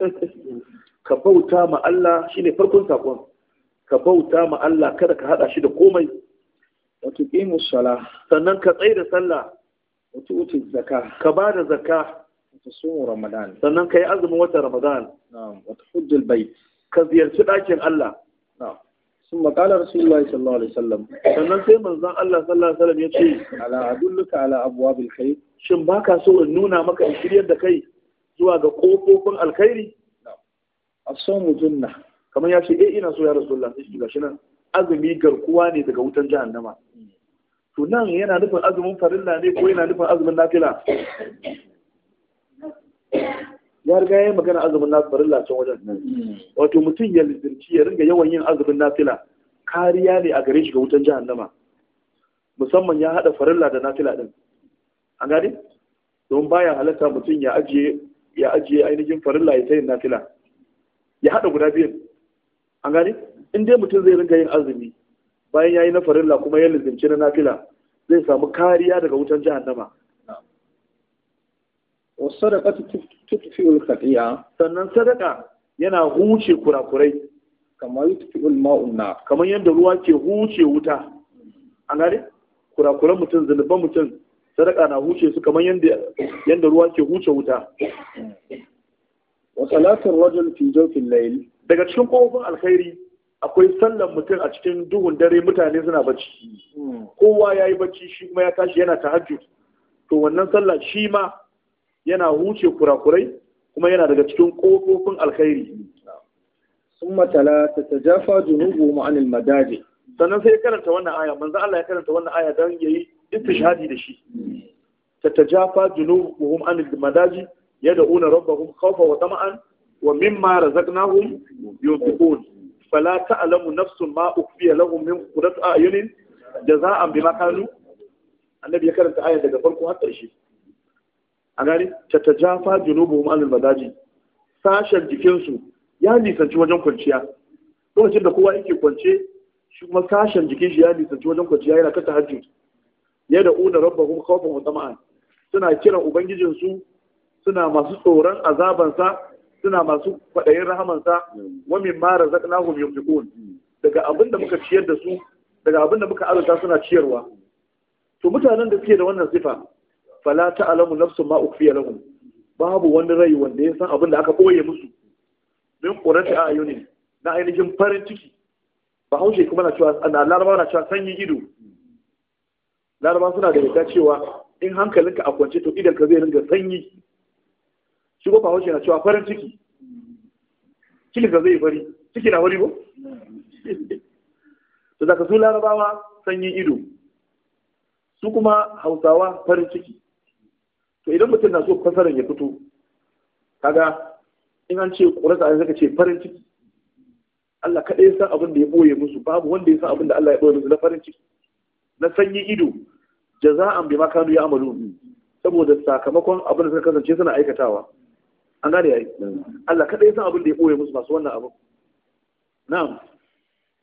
ka bauta ma Allah shine farkon sakon ka bauta ma Allah kada ka hada shi da komai wato qimus sallah sannan ka tsaya da sallah wata zaka ka ba da zaka sumu ramadan sannan ka yi azumin watan ramadan wata hujjal bai ka ziyarci ɗakin allah sun makala rasulullahi sallallahu alaihi wasallam sannan sai manzon allah sallallahu alaihi wasallam ya ce ala adulluka ala abwabil khair shin baka so in nuna maka in shiryar da kai zuwa ga kofofin alkhairi as junna kamar ya ce eh ina so ya rasulullah sai shi gashi nan azumi garkuwa ne daga wutan jahannama to nan yana nufin azumin farilla ne ko yana nufin azumin nafila ya riga ya yi magana azumin na farilla can wajen wato mutum ya lizirci ya ringa yawan yin azumin nafila kariya ne a gare shi ga wutan jahannama musamman ya haɗa farilla da nafila din. an gane don baya halatta mutum ya ajiye ya ajiye ainihin farilla ya tayin nafila ya haɗa guda biyun an gane in dai mutum zai ringa yin azumi bayan ya yi na farilla kuma ya lizinci na nafila zai samu kariya daga wutan jahannama wasadaka tutfi al sannan sadaka yana huce kurakurai kamar kamar yadda ruwa ke huce wuta an gane kurakuran mutum zunuban mutum sadaka na huce su kamar yadda ruwa ke huce wuta wa salatul rajul fi jokin layi. daga cikin kofofin alkhairi akwai sallan mutum a cikin duhun dare mutane suna bacci hmm. kowa ya yi bacci shi kuma ya tashi yana tahajjud to wannan sallah shi ma yana huce kurakurai kuma yana daga cikin ƙofofin alkhairi sun matala ta tajafa junubu ma'anil madaji sannan sai ya karanta wannan aya manzo Allah ya karanta wannan aya don ya yayi istishhadi da shi ta ta ma'anin junubuhum anil madaji yad'una rabbahum khawfa wa tama'an wa mimma razaqnahum yunfiqun fala ta'lamu nafsun ma ukhfiya lahum min qurrati a'yunin jaza'an bima kanu annabi ya karanta ayar daga farko har ƙarshe a gani tatajafa junubuhum anil madaji sashen jikinsu ya nisanci wajen kwanciya lokacin da kowa yake kwance shi kuma sashen jikin shi ya nisanci wajen kwanciya yana ta tahajjud ya da una rabbahum khawfan wa tama'an suna kiran ubangijinsu suna masu tsoron azabansa suna masu kwaɗayin rahamansa wa min ma razaqnahum yunfiqun daga abin da muka ciyar da su daga abin da muka azurta suna ciyarwa to mutanen da suke da wannan sifa fala ta'lamu nafsun ma ukfiya lahum babu wani rai wanda ya san abin da aka ɓoye musu min qurati ayuni na ainihin farin ciki bahaushe kuma na cewa na laraba na cewa sanyin ido laraba suna da yadda cewa in hankalinka a kwance to idan ka zai ringa sanyi shigo ko bahaushe na cewa farin ciki cikin da zai fari ciki na wari ba su daga su larabawa sanyin ido su kuma hausawa farin ciki to idan mutum na so fasaran ya fito kaga in an ce ƙurasa a zaka ce farin ciki Allah kaɗai ya san abin da ya ɓoye musu babu wanda ya san abin da Allah ya ɓoye musu na farin ciki na sanyin ido jaza'an bi ma kanu ya amalu saboda sakamakon abin da suka kasance suna aikatawa an gane yayi Allah kada ya san abin da ya boye musu masu wannan abu na'am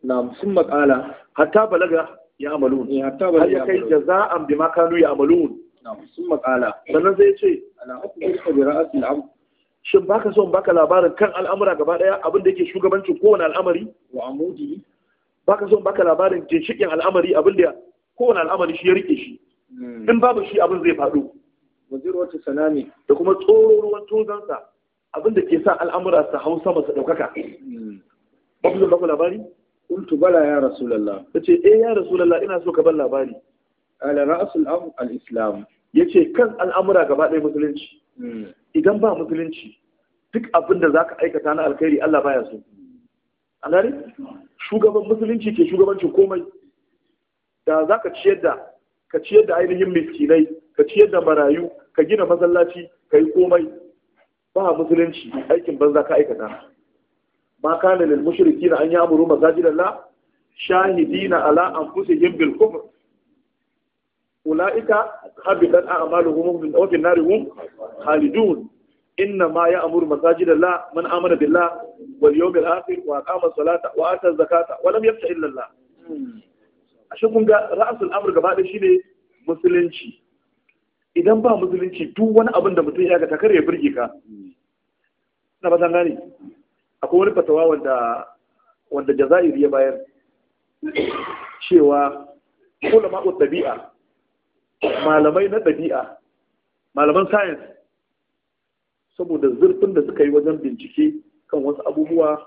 na'am sun makala hatta balaga ya amalun ne eh, hatta balaga ya kai jaza'an bima kanu ya amalun na'am sun makala sannan sai ya ce ala hukmu bi ra'atil amr shin baka son baka labarin kan al'amura gaba daya abin da yake shugabancin kowane al'amari wa amudi baka son baka labarin jinshikin al'amari abin da kowane al'amari shi ya rike shi hmm. in babu shi abin zai faɗo wazirwatu sanami da kuma tsoro ruwan tozansa abinda ke sa al'amura su hau sama su ɗaukaka ba ku labari kuntu bala ya Ta ce, eh ya Rasulallah ina so ka bar labari ala asul amr al-islam ce kan al'amura gaba ɗaya musulunci hmm. idan ba musulunci duk abin da ka aikata na alkhairi Allah baya so an gane shugaban musulunci ke shugabancin komai da za ciyar da ka ciyar da ainihin miskinai ka ciyar da marayu ka gina masallaci ka yi komai ba musulunci aikin banza ka aikata ma kana lil mushrikina an ya'muru masajidallah shahidina ala anfusihim bil kufr ulaika habitat a'maluhum min Nari, narihum khalidun inna ma ya'muru masajidallah man amana billah wal yawmil akhir wa aqama salata wa ata zakata wa lam yakhsha illa Allah hmm. ashe kun ga ra'sul shi gaba da musulunci idan ba musulunci duk wani abin da mutum ya ga takar ya birge ka na ba gane akwai wani fatawa wanda wanda jazairi ya bayar cewa kula ma'u tabi'a malamai na ɗabi'a, malaman science saboda zurfin da suka yi wajen bincike kan wasu abubuwa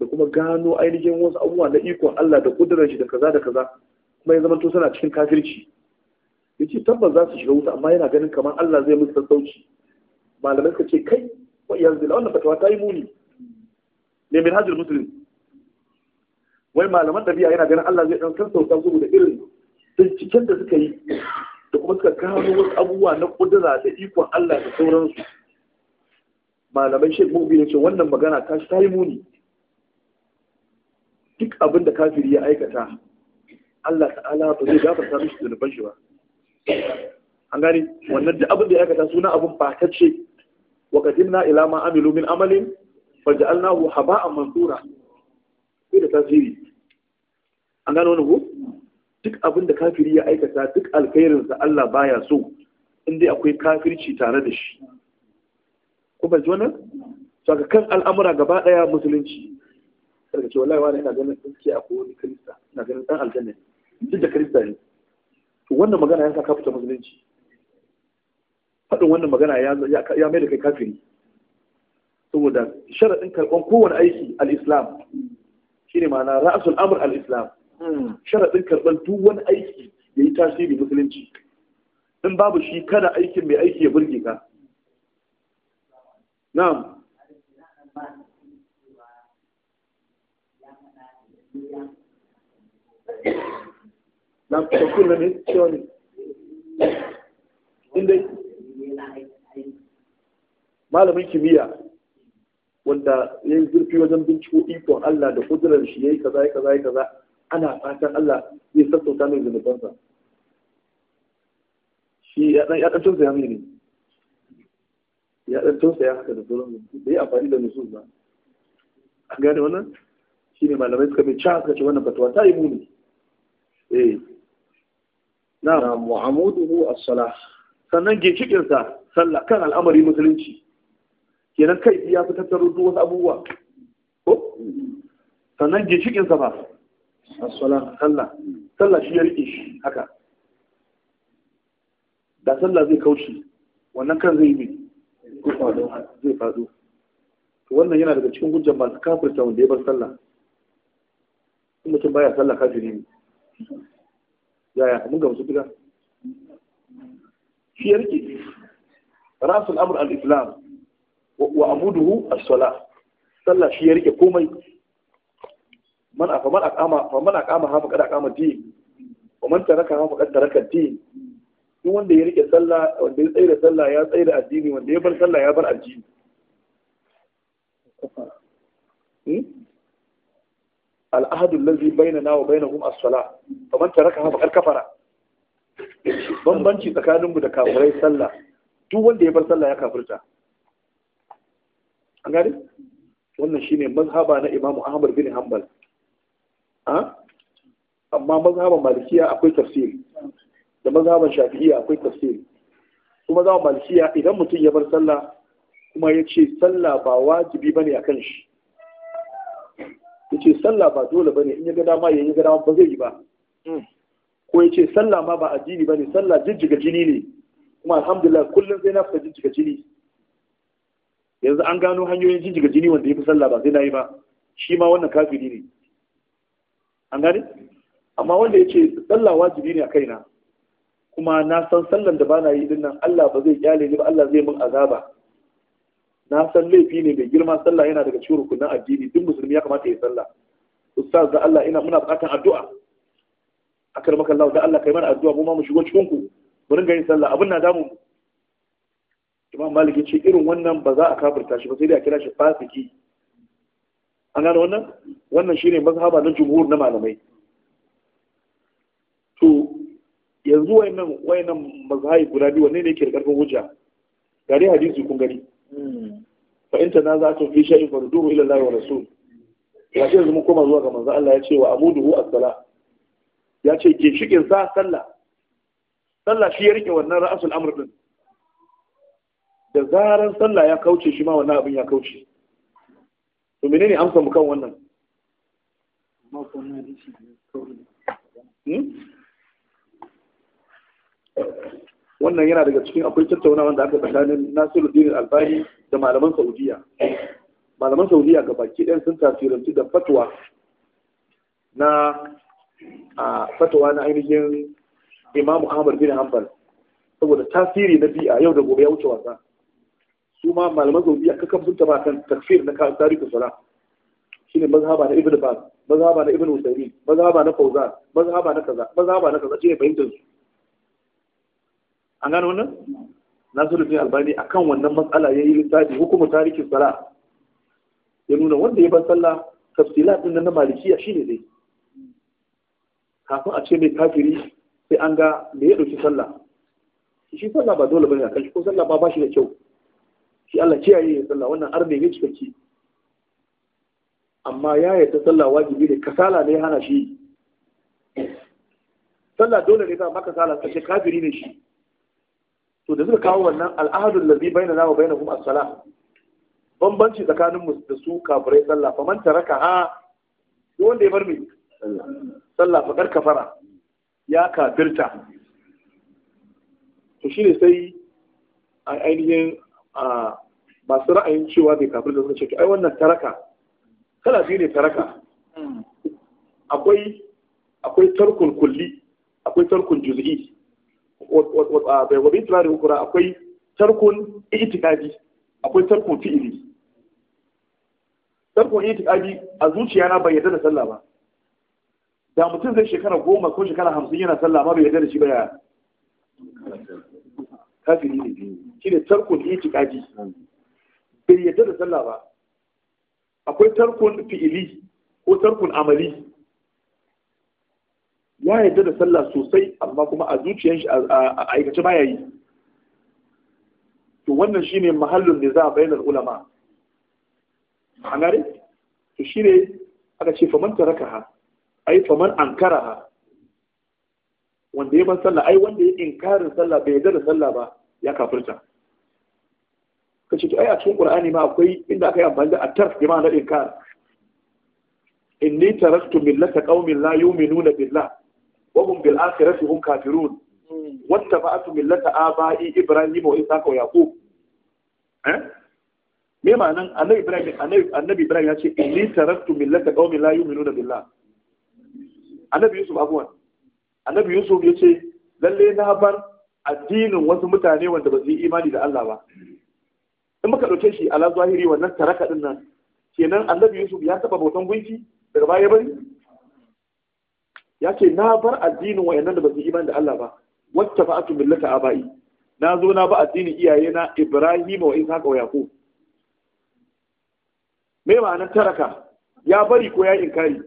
da kuma gano ainihin wasu abubuwa na ikon Allah da kudurar shi da kaza da kaza kuma ya zama to suna cikin kafirci ya ce tabbas za su shiga wuta amma yana ganin kamar Allah zai musu sassauci malamai suka ce kai wa iyan zila wannan fatawa ta yi muni ne min hajjar musulun wai malaman ɗabi'a yana ganin Allah zai ɗan sassauta da irin binciken da suka yi da kuma suka gano wasu abubuwa na ƙudura da ikon Allah da sauransu malamai shek mubi ne ce wannan magana ta shi ta yi muni duk abin da kafiri ya aikata Allah ta'ala ba zai gafarta mishi zunuban shi ba an gani wannan duk abin da ya aikata suna abin ce, wa qadimna ila ma amilu min amalin ja'alnahu haba'an mansura sai da tasiri an gano wani ko duk abin da kafiri ya aikata duk sa Allah baya so in dai akwai kafirci tare da shi ko ba wannan saka kan al'amura gaba daya musulunci daga ce wallahi wani ina ganin tsinki ko wani kirista ina ganin dan aljanna duk da kirista ne wannan magana ya sa ka fita musulunci faɗin wannan magana ya mai da kai kafiri saboda sharaɗin karɓar kowane aiki al-islam shine ma'ana ra'asul Amur al hmm. sharaɗin karɓar duk wani aiki ya yi tasiri musulunci in babu shi kada aikin mai aiki ya burge ka na'am na tafkir na ne cewa ne inda malamin kimiyya wanda ya yi zurfi wajen binciko ikon Allah da kudurar shi ya yi kaza ya kaza ya kaza ana fatan Allah zai sassauta mai zunubansa shi ya ɗan tausaya mai ne ya ɗan tausaya haka da sauran mutum bai amfani da nusu ba an gane wannan shi ne malamai suka mai ca suka ce wannan fatawa ta yi muni eh na'am wa amuduhu as-salah sannan ginshikinsa sa sallah kan al'amari musulunci kenan kai ya fi tattaro duk wasu abubuwa ko sannan ginshikinsa sa fa as-salah sallah sallah shi ya rike shi haka da sallah zai kauce wannan kan zai yi zai faɗo to wannan yana daga cikin gujjan masu kafirta wanda ya bar sallah in mutum baya sallah kafiri ne yaya mun gamsu gida shi ya rike rasul amr al-islam wa amuduhu as-sala sallah shi ya rike komai man afa man aqama fa man aqama hafa kada aqama din wa man taraka hafa kada taraka din duk wanda ya rike sallah wanda ya tsaye sallah ya tsaye addini wanda ya bar sallah ya bar addini hmm? al'ahadu lazi bainana wa bainahum as-sala faman taraka fa kafara bambanci tsakaninmu da kafirai sallah duk wanda ya bar sallah ya kafirta an gani wannan shine mazhaba na imamu ahmad bin hanbal amma mazhaban malikiya akwai tafsiri da mazhaban shafi'iyya akwai tafsiri kuma mazhaban malikiya idan mutum ya bar sallah kuma ya ce sallah ba wajibi bane akan shi yace sallah ba dole bane in ya ga dama yayi ga dama ba zai yi ba hmm. ko yace sallah ma ba addini bane sallah jijjiga jini ne kuma alhamdulillah kullum sai na fita jijjiga jini yanzu an gano hanyoyin jijjiga jini wanda ya fi sallah ba sai na yi ba shi ma wannan kafiri ne an gane amma wanda yace sallah wajibi ne a kaina kuma na san sallan da bana yi dinnan Allah ba zai kyale ni ba Allah zai min azaba na san laifi ne mai girma sallah yana daga cikin rukunin addini duk musulmi ya kamata ya sallah ustaz da Allah ina muna buƙatar addu'a akar maka Allah da Allah kai mana addu'a mu ma mu shigo cikin ku mu ringa yin sallah abin na damu mu imam malik ya ce irin wannan ba za a kafirta shi ba sai dai a kira shi fasiki an gane wannan wannan shine mazhaba na jumhur na malamai to yanzu wayannan wayannan mazhabi guda biyu wanne ne ke da karfin hujja gare hadisi kun gani fa za tanaza'tum fi shay'in farduhu ila Allah wa rasul ya ce yanzu mun koma zuwa ga manzo Allah ya ce wa amuduhu as-sala ya ce ke shikin sa sallah sallah shi ya rike wannan ra'asul amr din da zaran sallah ya kauce shi ma wannan abin ya kauce to menene amsa mu kan wannan hmm? wannan yana daga cikin akwai tattaunawa da aka tsakanin nasiru-dinin Albani da malaman Saudiya malaman Saudiya ga baki ɗaya sun tasirantu da fatwa na a fatwa na ainihin Imam Ahmad bin Hanbal saboda tasiri na bi'a yau da gobe ya wuce wasa su ma malaman Saudiya kakan sun taba kan takfir na tarihi sala shine mazhaba na Ibn Baz mazhaba na Ibn Usaymin mazhaba na Fawzan mazhaba na kaza mazhaba na kaza shine fahimtar su an gano wannan nasiruddin albani akan wannan matsala ya yi lissafi hukumar tarikin sala ya nuna wanda ya bar sallah tafsila din na malikiya shine dai kafin a ce mai kafiri sai an ga me ya dauki sallah shi sallah ba dole bane kan shi ko sallah ba bashi da kyau shi Allah kiyaye ya sallah wannan arme ne cikakke amma ya yarda sallah wajibi ne kasala ne hana shi sallah dole ne a maka sallah sai kafiri ne shi to da suka kawo wannan al'adun lalzi bai na wa na kuma asala sala bambanci tsakanin mu da su kafirai sallah fa man taraka ha Ko wanda ya bar mai sallah fa kafara ya kafirta to shine sai a ainihin a masu ra'ayin cewa bai kafirta suka ce to ai wannan taraka kala biyu ne taraka hmm. akwai akwai tarkul kulli akwai tarkul juz'i wa bi tilari ukura akwai tarkon itikadi akwai tarkon fi'ili Tarkon itikadi a zuciya na bai yarda da sallah ba da mutum zai shekara goma ko shekara hamsin yana sallah ma bai da shi ba ya kafiri ne shi ne tarkon itikadi bai yarda da sallah ba akwai tarkon fi'ili ko tarkon amali ya yarda da sallah sosai amma kuma a zuciyar shi a aikace baya yi to wannan shine mahallin da za a bayyana ulama an gare to shine aka ce faman ha ai faman ha. wanda ya ban sallah ai wanda ya inkarin sallah bai yarda da sallah ba ya kafirta kace to ai a cikin qur'ani ma akwai inda aka yi amfani da at-tarf bi ma'anar inkar inni taraktu millata qaumin la yu'minuna billah wa hum bil akhirati hum kafirun wattaba'tu millata aba'i ibrahim wa isaka wa yaqub eh? me ma'anan annabi annabi ibrahim ya ce inni taraktu millata qaumin la yu'minuna billah annabi yusuf abuwan annabi yusuf ya ce lalle na bar addinin wasu mutane wanda ba su yi imani da Allah ba in muka ɗauke shi ala zahiri wannan taraka din kenan annabi yusuf ya taɓa bautan gunki daga baya bari ya ce na bar addinin wayannan da ba su iman da Allah ba wacce fa atu millata abai na zo na ba addinin iyaye na Ibrahim wa Isa wa Yaqub me ma'anar taraka ya bari ko ya inkari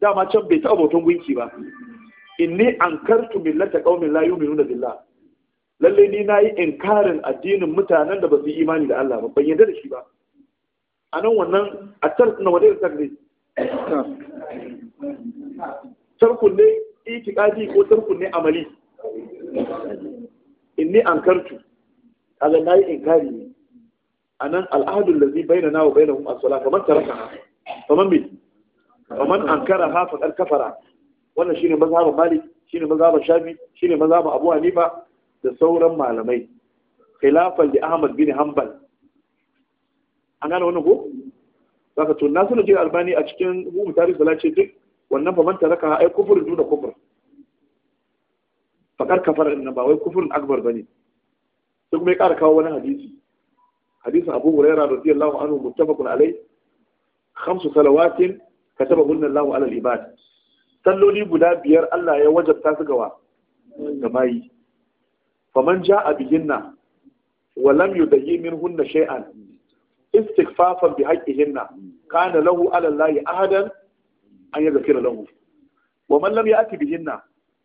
dama can bai taɓa bautan gunki ba inni ankartu millata qaumin la yu'minuna billah lalle ni nayi inkarin addinin mutanen da ba su imani da Allah ba ban yarda da shi ba anan wannan a tarkuna wadai takdir tarkun ne itikadi ko tarkun ne amali inni ankartu kaga nayi inkari ne anan al'ahdu allazi bainana wa bainahum as-salah kamar taraka faman me Faman ankara ha fa kafara wannan shine mazhabin malik shine mazhabin shafi shine mazhabin abu hanifa da sauran malamai khilafan li ahmad bin hanbal an gane wannan ko zaka to nasu ne albani a cikin hukumar tarihi ce duk wannan faman taraka ai kufurin duna kufur fakar kafara din ba wai kufurin akbar bane sai kuma ya ƙara kawo wani hadisi hadisin Abu Hurairah radiyallahu anhu muttafaqun alai khamsu salawatin katabahunna Allahu ala al-ibad salloli guda biyar Allah ya wajabta su gawa ga bayi faman ja'a bihinna wa lam yudayyi minhunna shay'an istighfafan bi haqqihinna kana lahu ala Allah ahadan an yaghfira lahu wa man lam ya'ti bihinna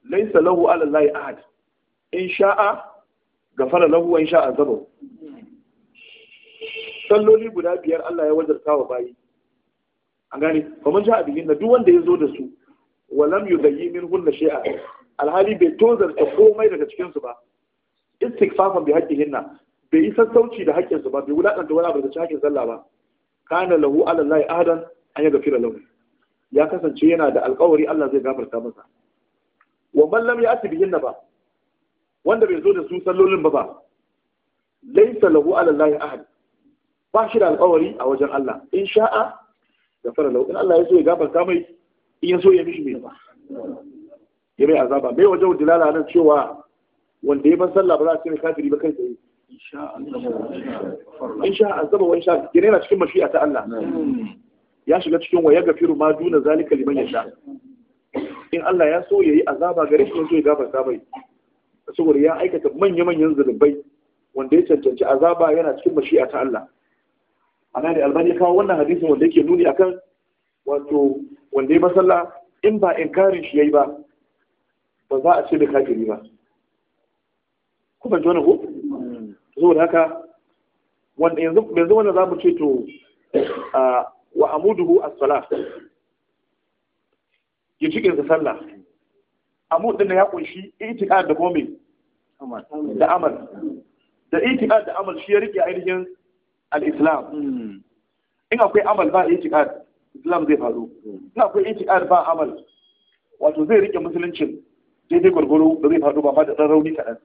laysa lahu 'ala Allahi ahad in sha'a gafara lahu wa in sha'a zaba salloli guda biyar Allah ya wajarta wa bayi an gane fa man sha'a bihinna duk wanda ya zo da su wa lam yudayyi minhunna shay'a alhali bai tozarta komai daga cikin su ba istighfafan bi haqqihinna bai yi sassauci da haƙƙinsu ba bai wulaƙanta wani abu da cikin haƙƙin sallah ba kana lahu ala lahi ahadan an yi gafira lahu ya kasance yana da alƙawari Allah zai gafarta masa wa man lam ya'ti bi ba wanda bai zo da su sallolin ba ba laysa lahu ala Allah ahad ba shi da alƙawari a wajen Allah in sha'a da fara in Allah ya so ya gafarta mai in ya so ya mishi mai ba ya mai azaba mai wajen dilala nan cewa wanda ya ban sallah ba za a ce kafiri ba kai tsaye in sha'a azaba wa in sha'a gina yana cikin mashi'a ta Allah ya shiga cikin waya firu ma duna zalika liman yasha in Allah ya so yayi azaba gare shi so ya gafarta bai saboda ya aikata manya manyan zulubai wanda ya cancanci azaba yana cikin mashi'a ta Allah ana da albani kawo wannan hadisin wanda yake nuni akan wato wanda ya masalla in ba inkarin shi yayi ba ba za a ce da kafiri ba ban ji wani ko hmm. saboda haka wanda yanzu yanzu wannan zamu ce to a wa amuduhu as-salah ginshikin sa sallah amud din ya kunshi itiqad da gome da amal da itiqad da amal shi ya rike ainihin al-islam hmm. in akwai amal ba itiqad islam zai faru in akwai itiqad ba amal wato zai rike musuluncin daidai gwargwaro da zai faru ba ma da ɗan rauni kaɗan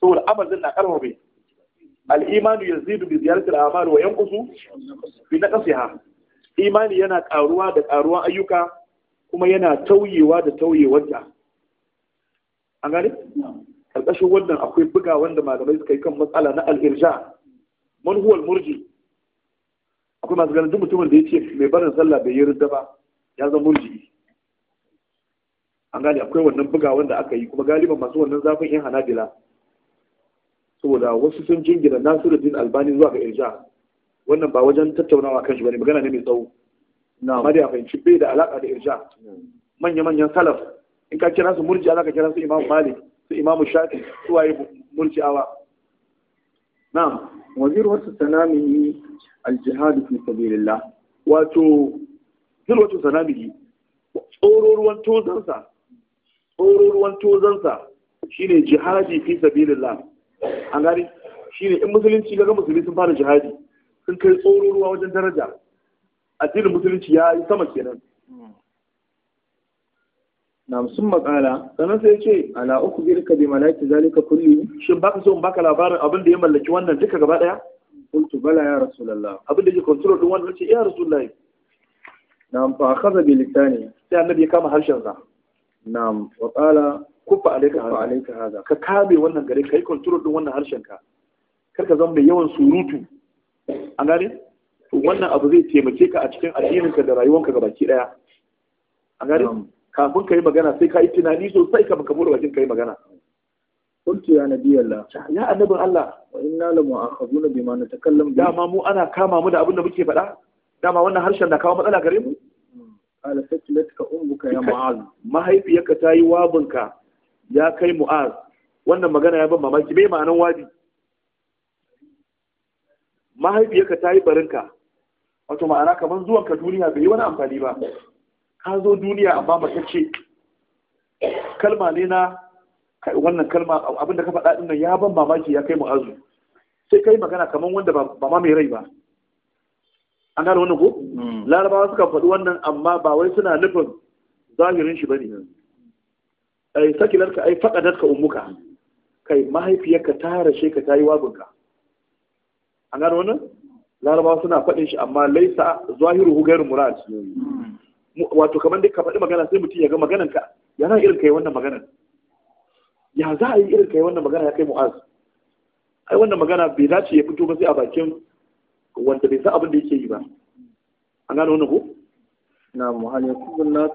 saboda amal din na ƙarfafa al'imanu ya zidu bi ziyartar amal wa yan kusu na kasiha imani yana karuwa da karuwan ayyuka kuma yana tauyewa da tauyewarta an gane ƙarƙashin wannan akwai buga wanda malamai suka yi kan matsala na al'irja man huwa murji akwai masu ganin duk mutumin da ya ce mai barin sallah bai yi ridda ba ya zama murji an gane akwai wannan buga wanda aka yi kuma galiban masu wannan zafin yan hanabila saboda wasu sun jingina Nasiruddin Albani zuwa ga irja wannan ba wajen tattaunawa kan shi bane magana ne mai tsawo amma da a fahimci bai da alaka da irja manya-manyan salaf in ka kira su murji ala ka kira su Imam Malik su Imam Shafi su waye awa? na'am wazir wasu sanami al-jihad fi sabilillah wato wato sanami tsoro ruwan tozansa tsoro ruwan tozansa shine jihadi fi sabilillah an gari shi ne in musulunci ga musulmi sun fara jihadi sun kai tsoron ruwa wajen daraja addinin musulunci ya yi sama kenan na sun makala sannan sai ce ala uku bi ka bi malaki zalika kulli shin baka so in baka labarin abin da ya mallaki wannan duka gaba daya kuntu bala ya rasulullah abin da yake control din wannan ce ya rasulullah na fa haka bi lisani sai annabi ya kama harshen sa na wa qala kufa alaika haza alaika ka kame wannan gare yi kontrol din wannan harshen ka kar ka zama mai yawan surutu an gane to wannan abu zai taimake ka a cikin addininka da rayuwanka baki daya an gane kafin ka yi magana sai ka yi tunani sosai kafin ka bude bakin ka yi magana kuntu ya nabi Allah ya annabin Allah wa inna la mu'akhaduna bima natakallam bi dama mu ana kama mu da abin da muke faɗa dama wannan harshen na kawo matsala gare mu ala sakilatka umbuka ya mu'az mahaifiyarka ta yi wabinka ya kai mu'az wannan magana ya ban mamaki bai ma'anan wadi mahaifiyarka ta yi barinka wato ma'ana kamar zuwan ka duniya bai yi wani amfani ba ka zo duniya amma mace ce kalma ne na wannan kalma abinda ka faɗa ɗin nan ya ban mamaki ya kai mu'azu sai kai magana kamar wanda ba ma mai rai ba an gane wannan ko hmm. larabawa suka faɗi wannan amma ba wai suna nufin zahirin shi ba ne. ai ka ai faqadatka umuka kai mahaifiyarka ta rashe ka ta yi wabinka an gano wannan larabawa suna faɗin shi amma laisa zahiru gairu murad wato kamar dai ka faɗi magana sai mutum ya ga maganan ka ya za irin kai wannan maganan ya za a yi irin kai wannan magana ya kai mu'az ai wannan magana bai dace ya fito ba sai a bakin wanda bai san abin da yake yi ba an gano wannan ko na'am hal yakubu nas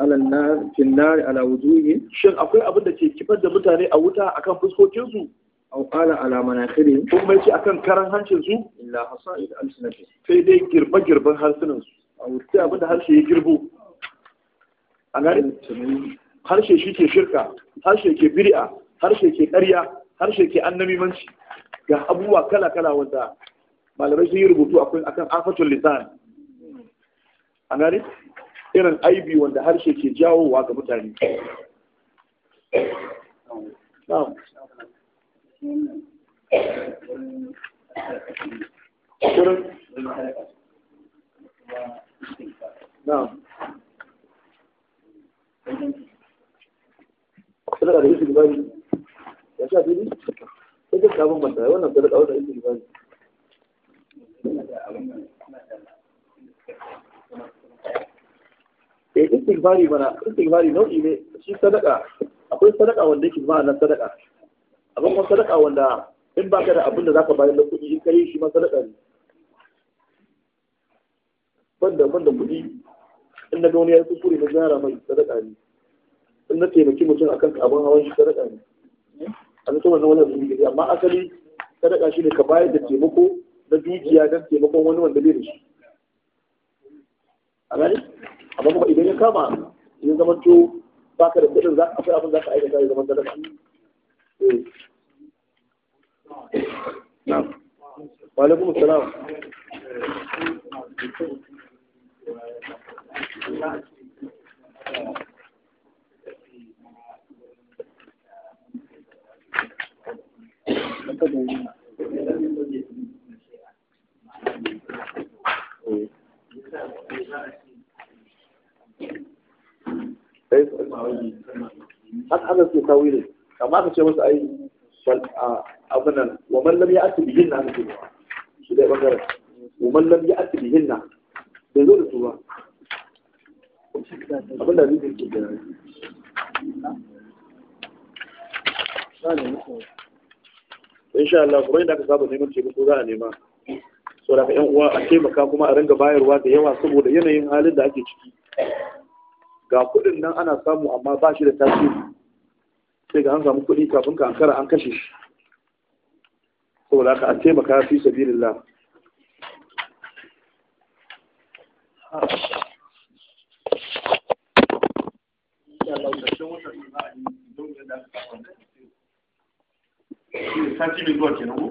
alal na fi nar ala wujuhi shin akwai abin da ke kifar da mutane a wuta akan fuskokin su aw qala ala manakhirihim ko mai ce akan karan hancin su illa hasaid alsinati sai dai girba girban harsunan su a wuce abin da harshe ya girbo a gani harshe shi ke shirka harshe ke bid'a harshe ke ƙarya harshe ke annabimanci ga abubuwa kala kala wanda malamai sun yi rubutu akan afatul lisan an irin aibi wanda harshe ke jawowa ga mutane na'am kurin na'am sadaka da ya fili abin Ya E, istighfari mana. istighfari nau'i ne shi sadaka akwai sadaka wanda yake ba nan sadaka abin kuma sadaka wanda in ba ka da abin da zaka bayar da kuɗi in kai shi ma sadaka ne banda banda kuɗi in na ga wani ya kuskure na gyara mai sadaka ne in na taimaki mutum akan abin hawan shi sadaka ne a zata wannan wannan da gari amma asali sadaka shi ne ka bayar da taimako na dukiya don taimakon wani wanda bai da shi a gani amma kuma idan ya kama ya zama to baka da kudin za akwai abin za ka aikata ya zama sadaka wa alaikum salam Thank you. Eh, haka haka ta tawili amma ka ce musu ai abin nan wa man lam ya'ti bihin na ake ba shi dai bangaren wa man lam ya'ti bihin na bai zo da su ba abin da zai ke da insha Allah kuma yadda aka saba neman taimako za a nema so da ka yan uwa a taimaka kuma a ringa bayarwa da yawa saboda yanayin halin da ake ciki ga kuɗin nan ana samu amma ba shi da tasiri sai ga an samu kuɗi kafin ka ankara an kashe shi saboda haka a taimaka fi sabilillah Thank you.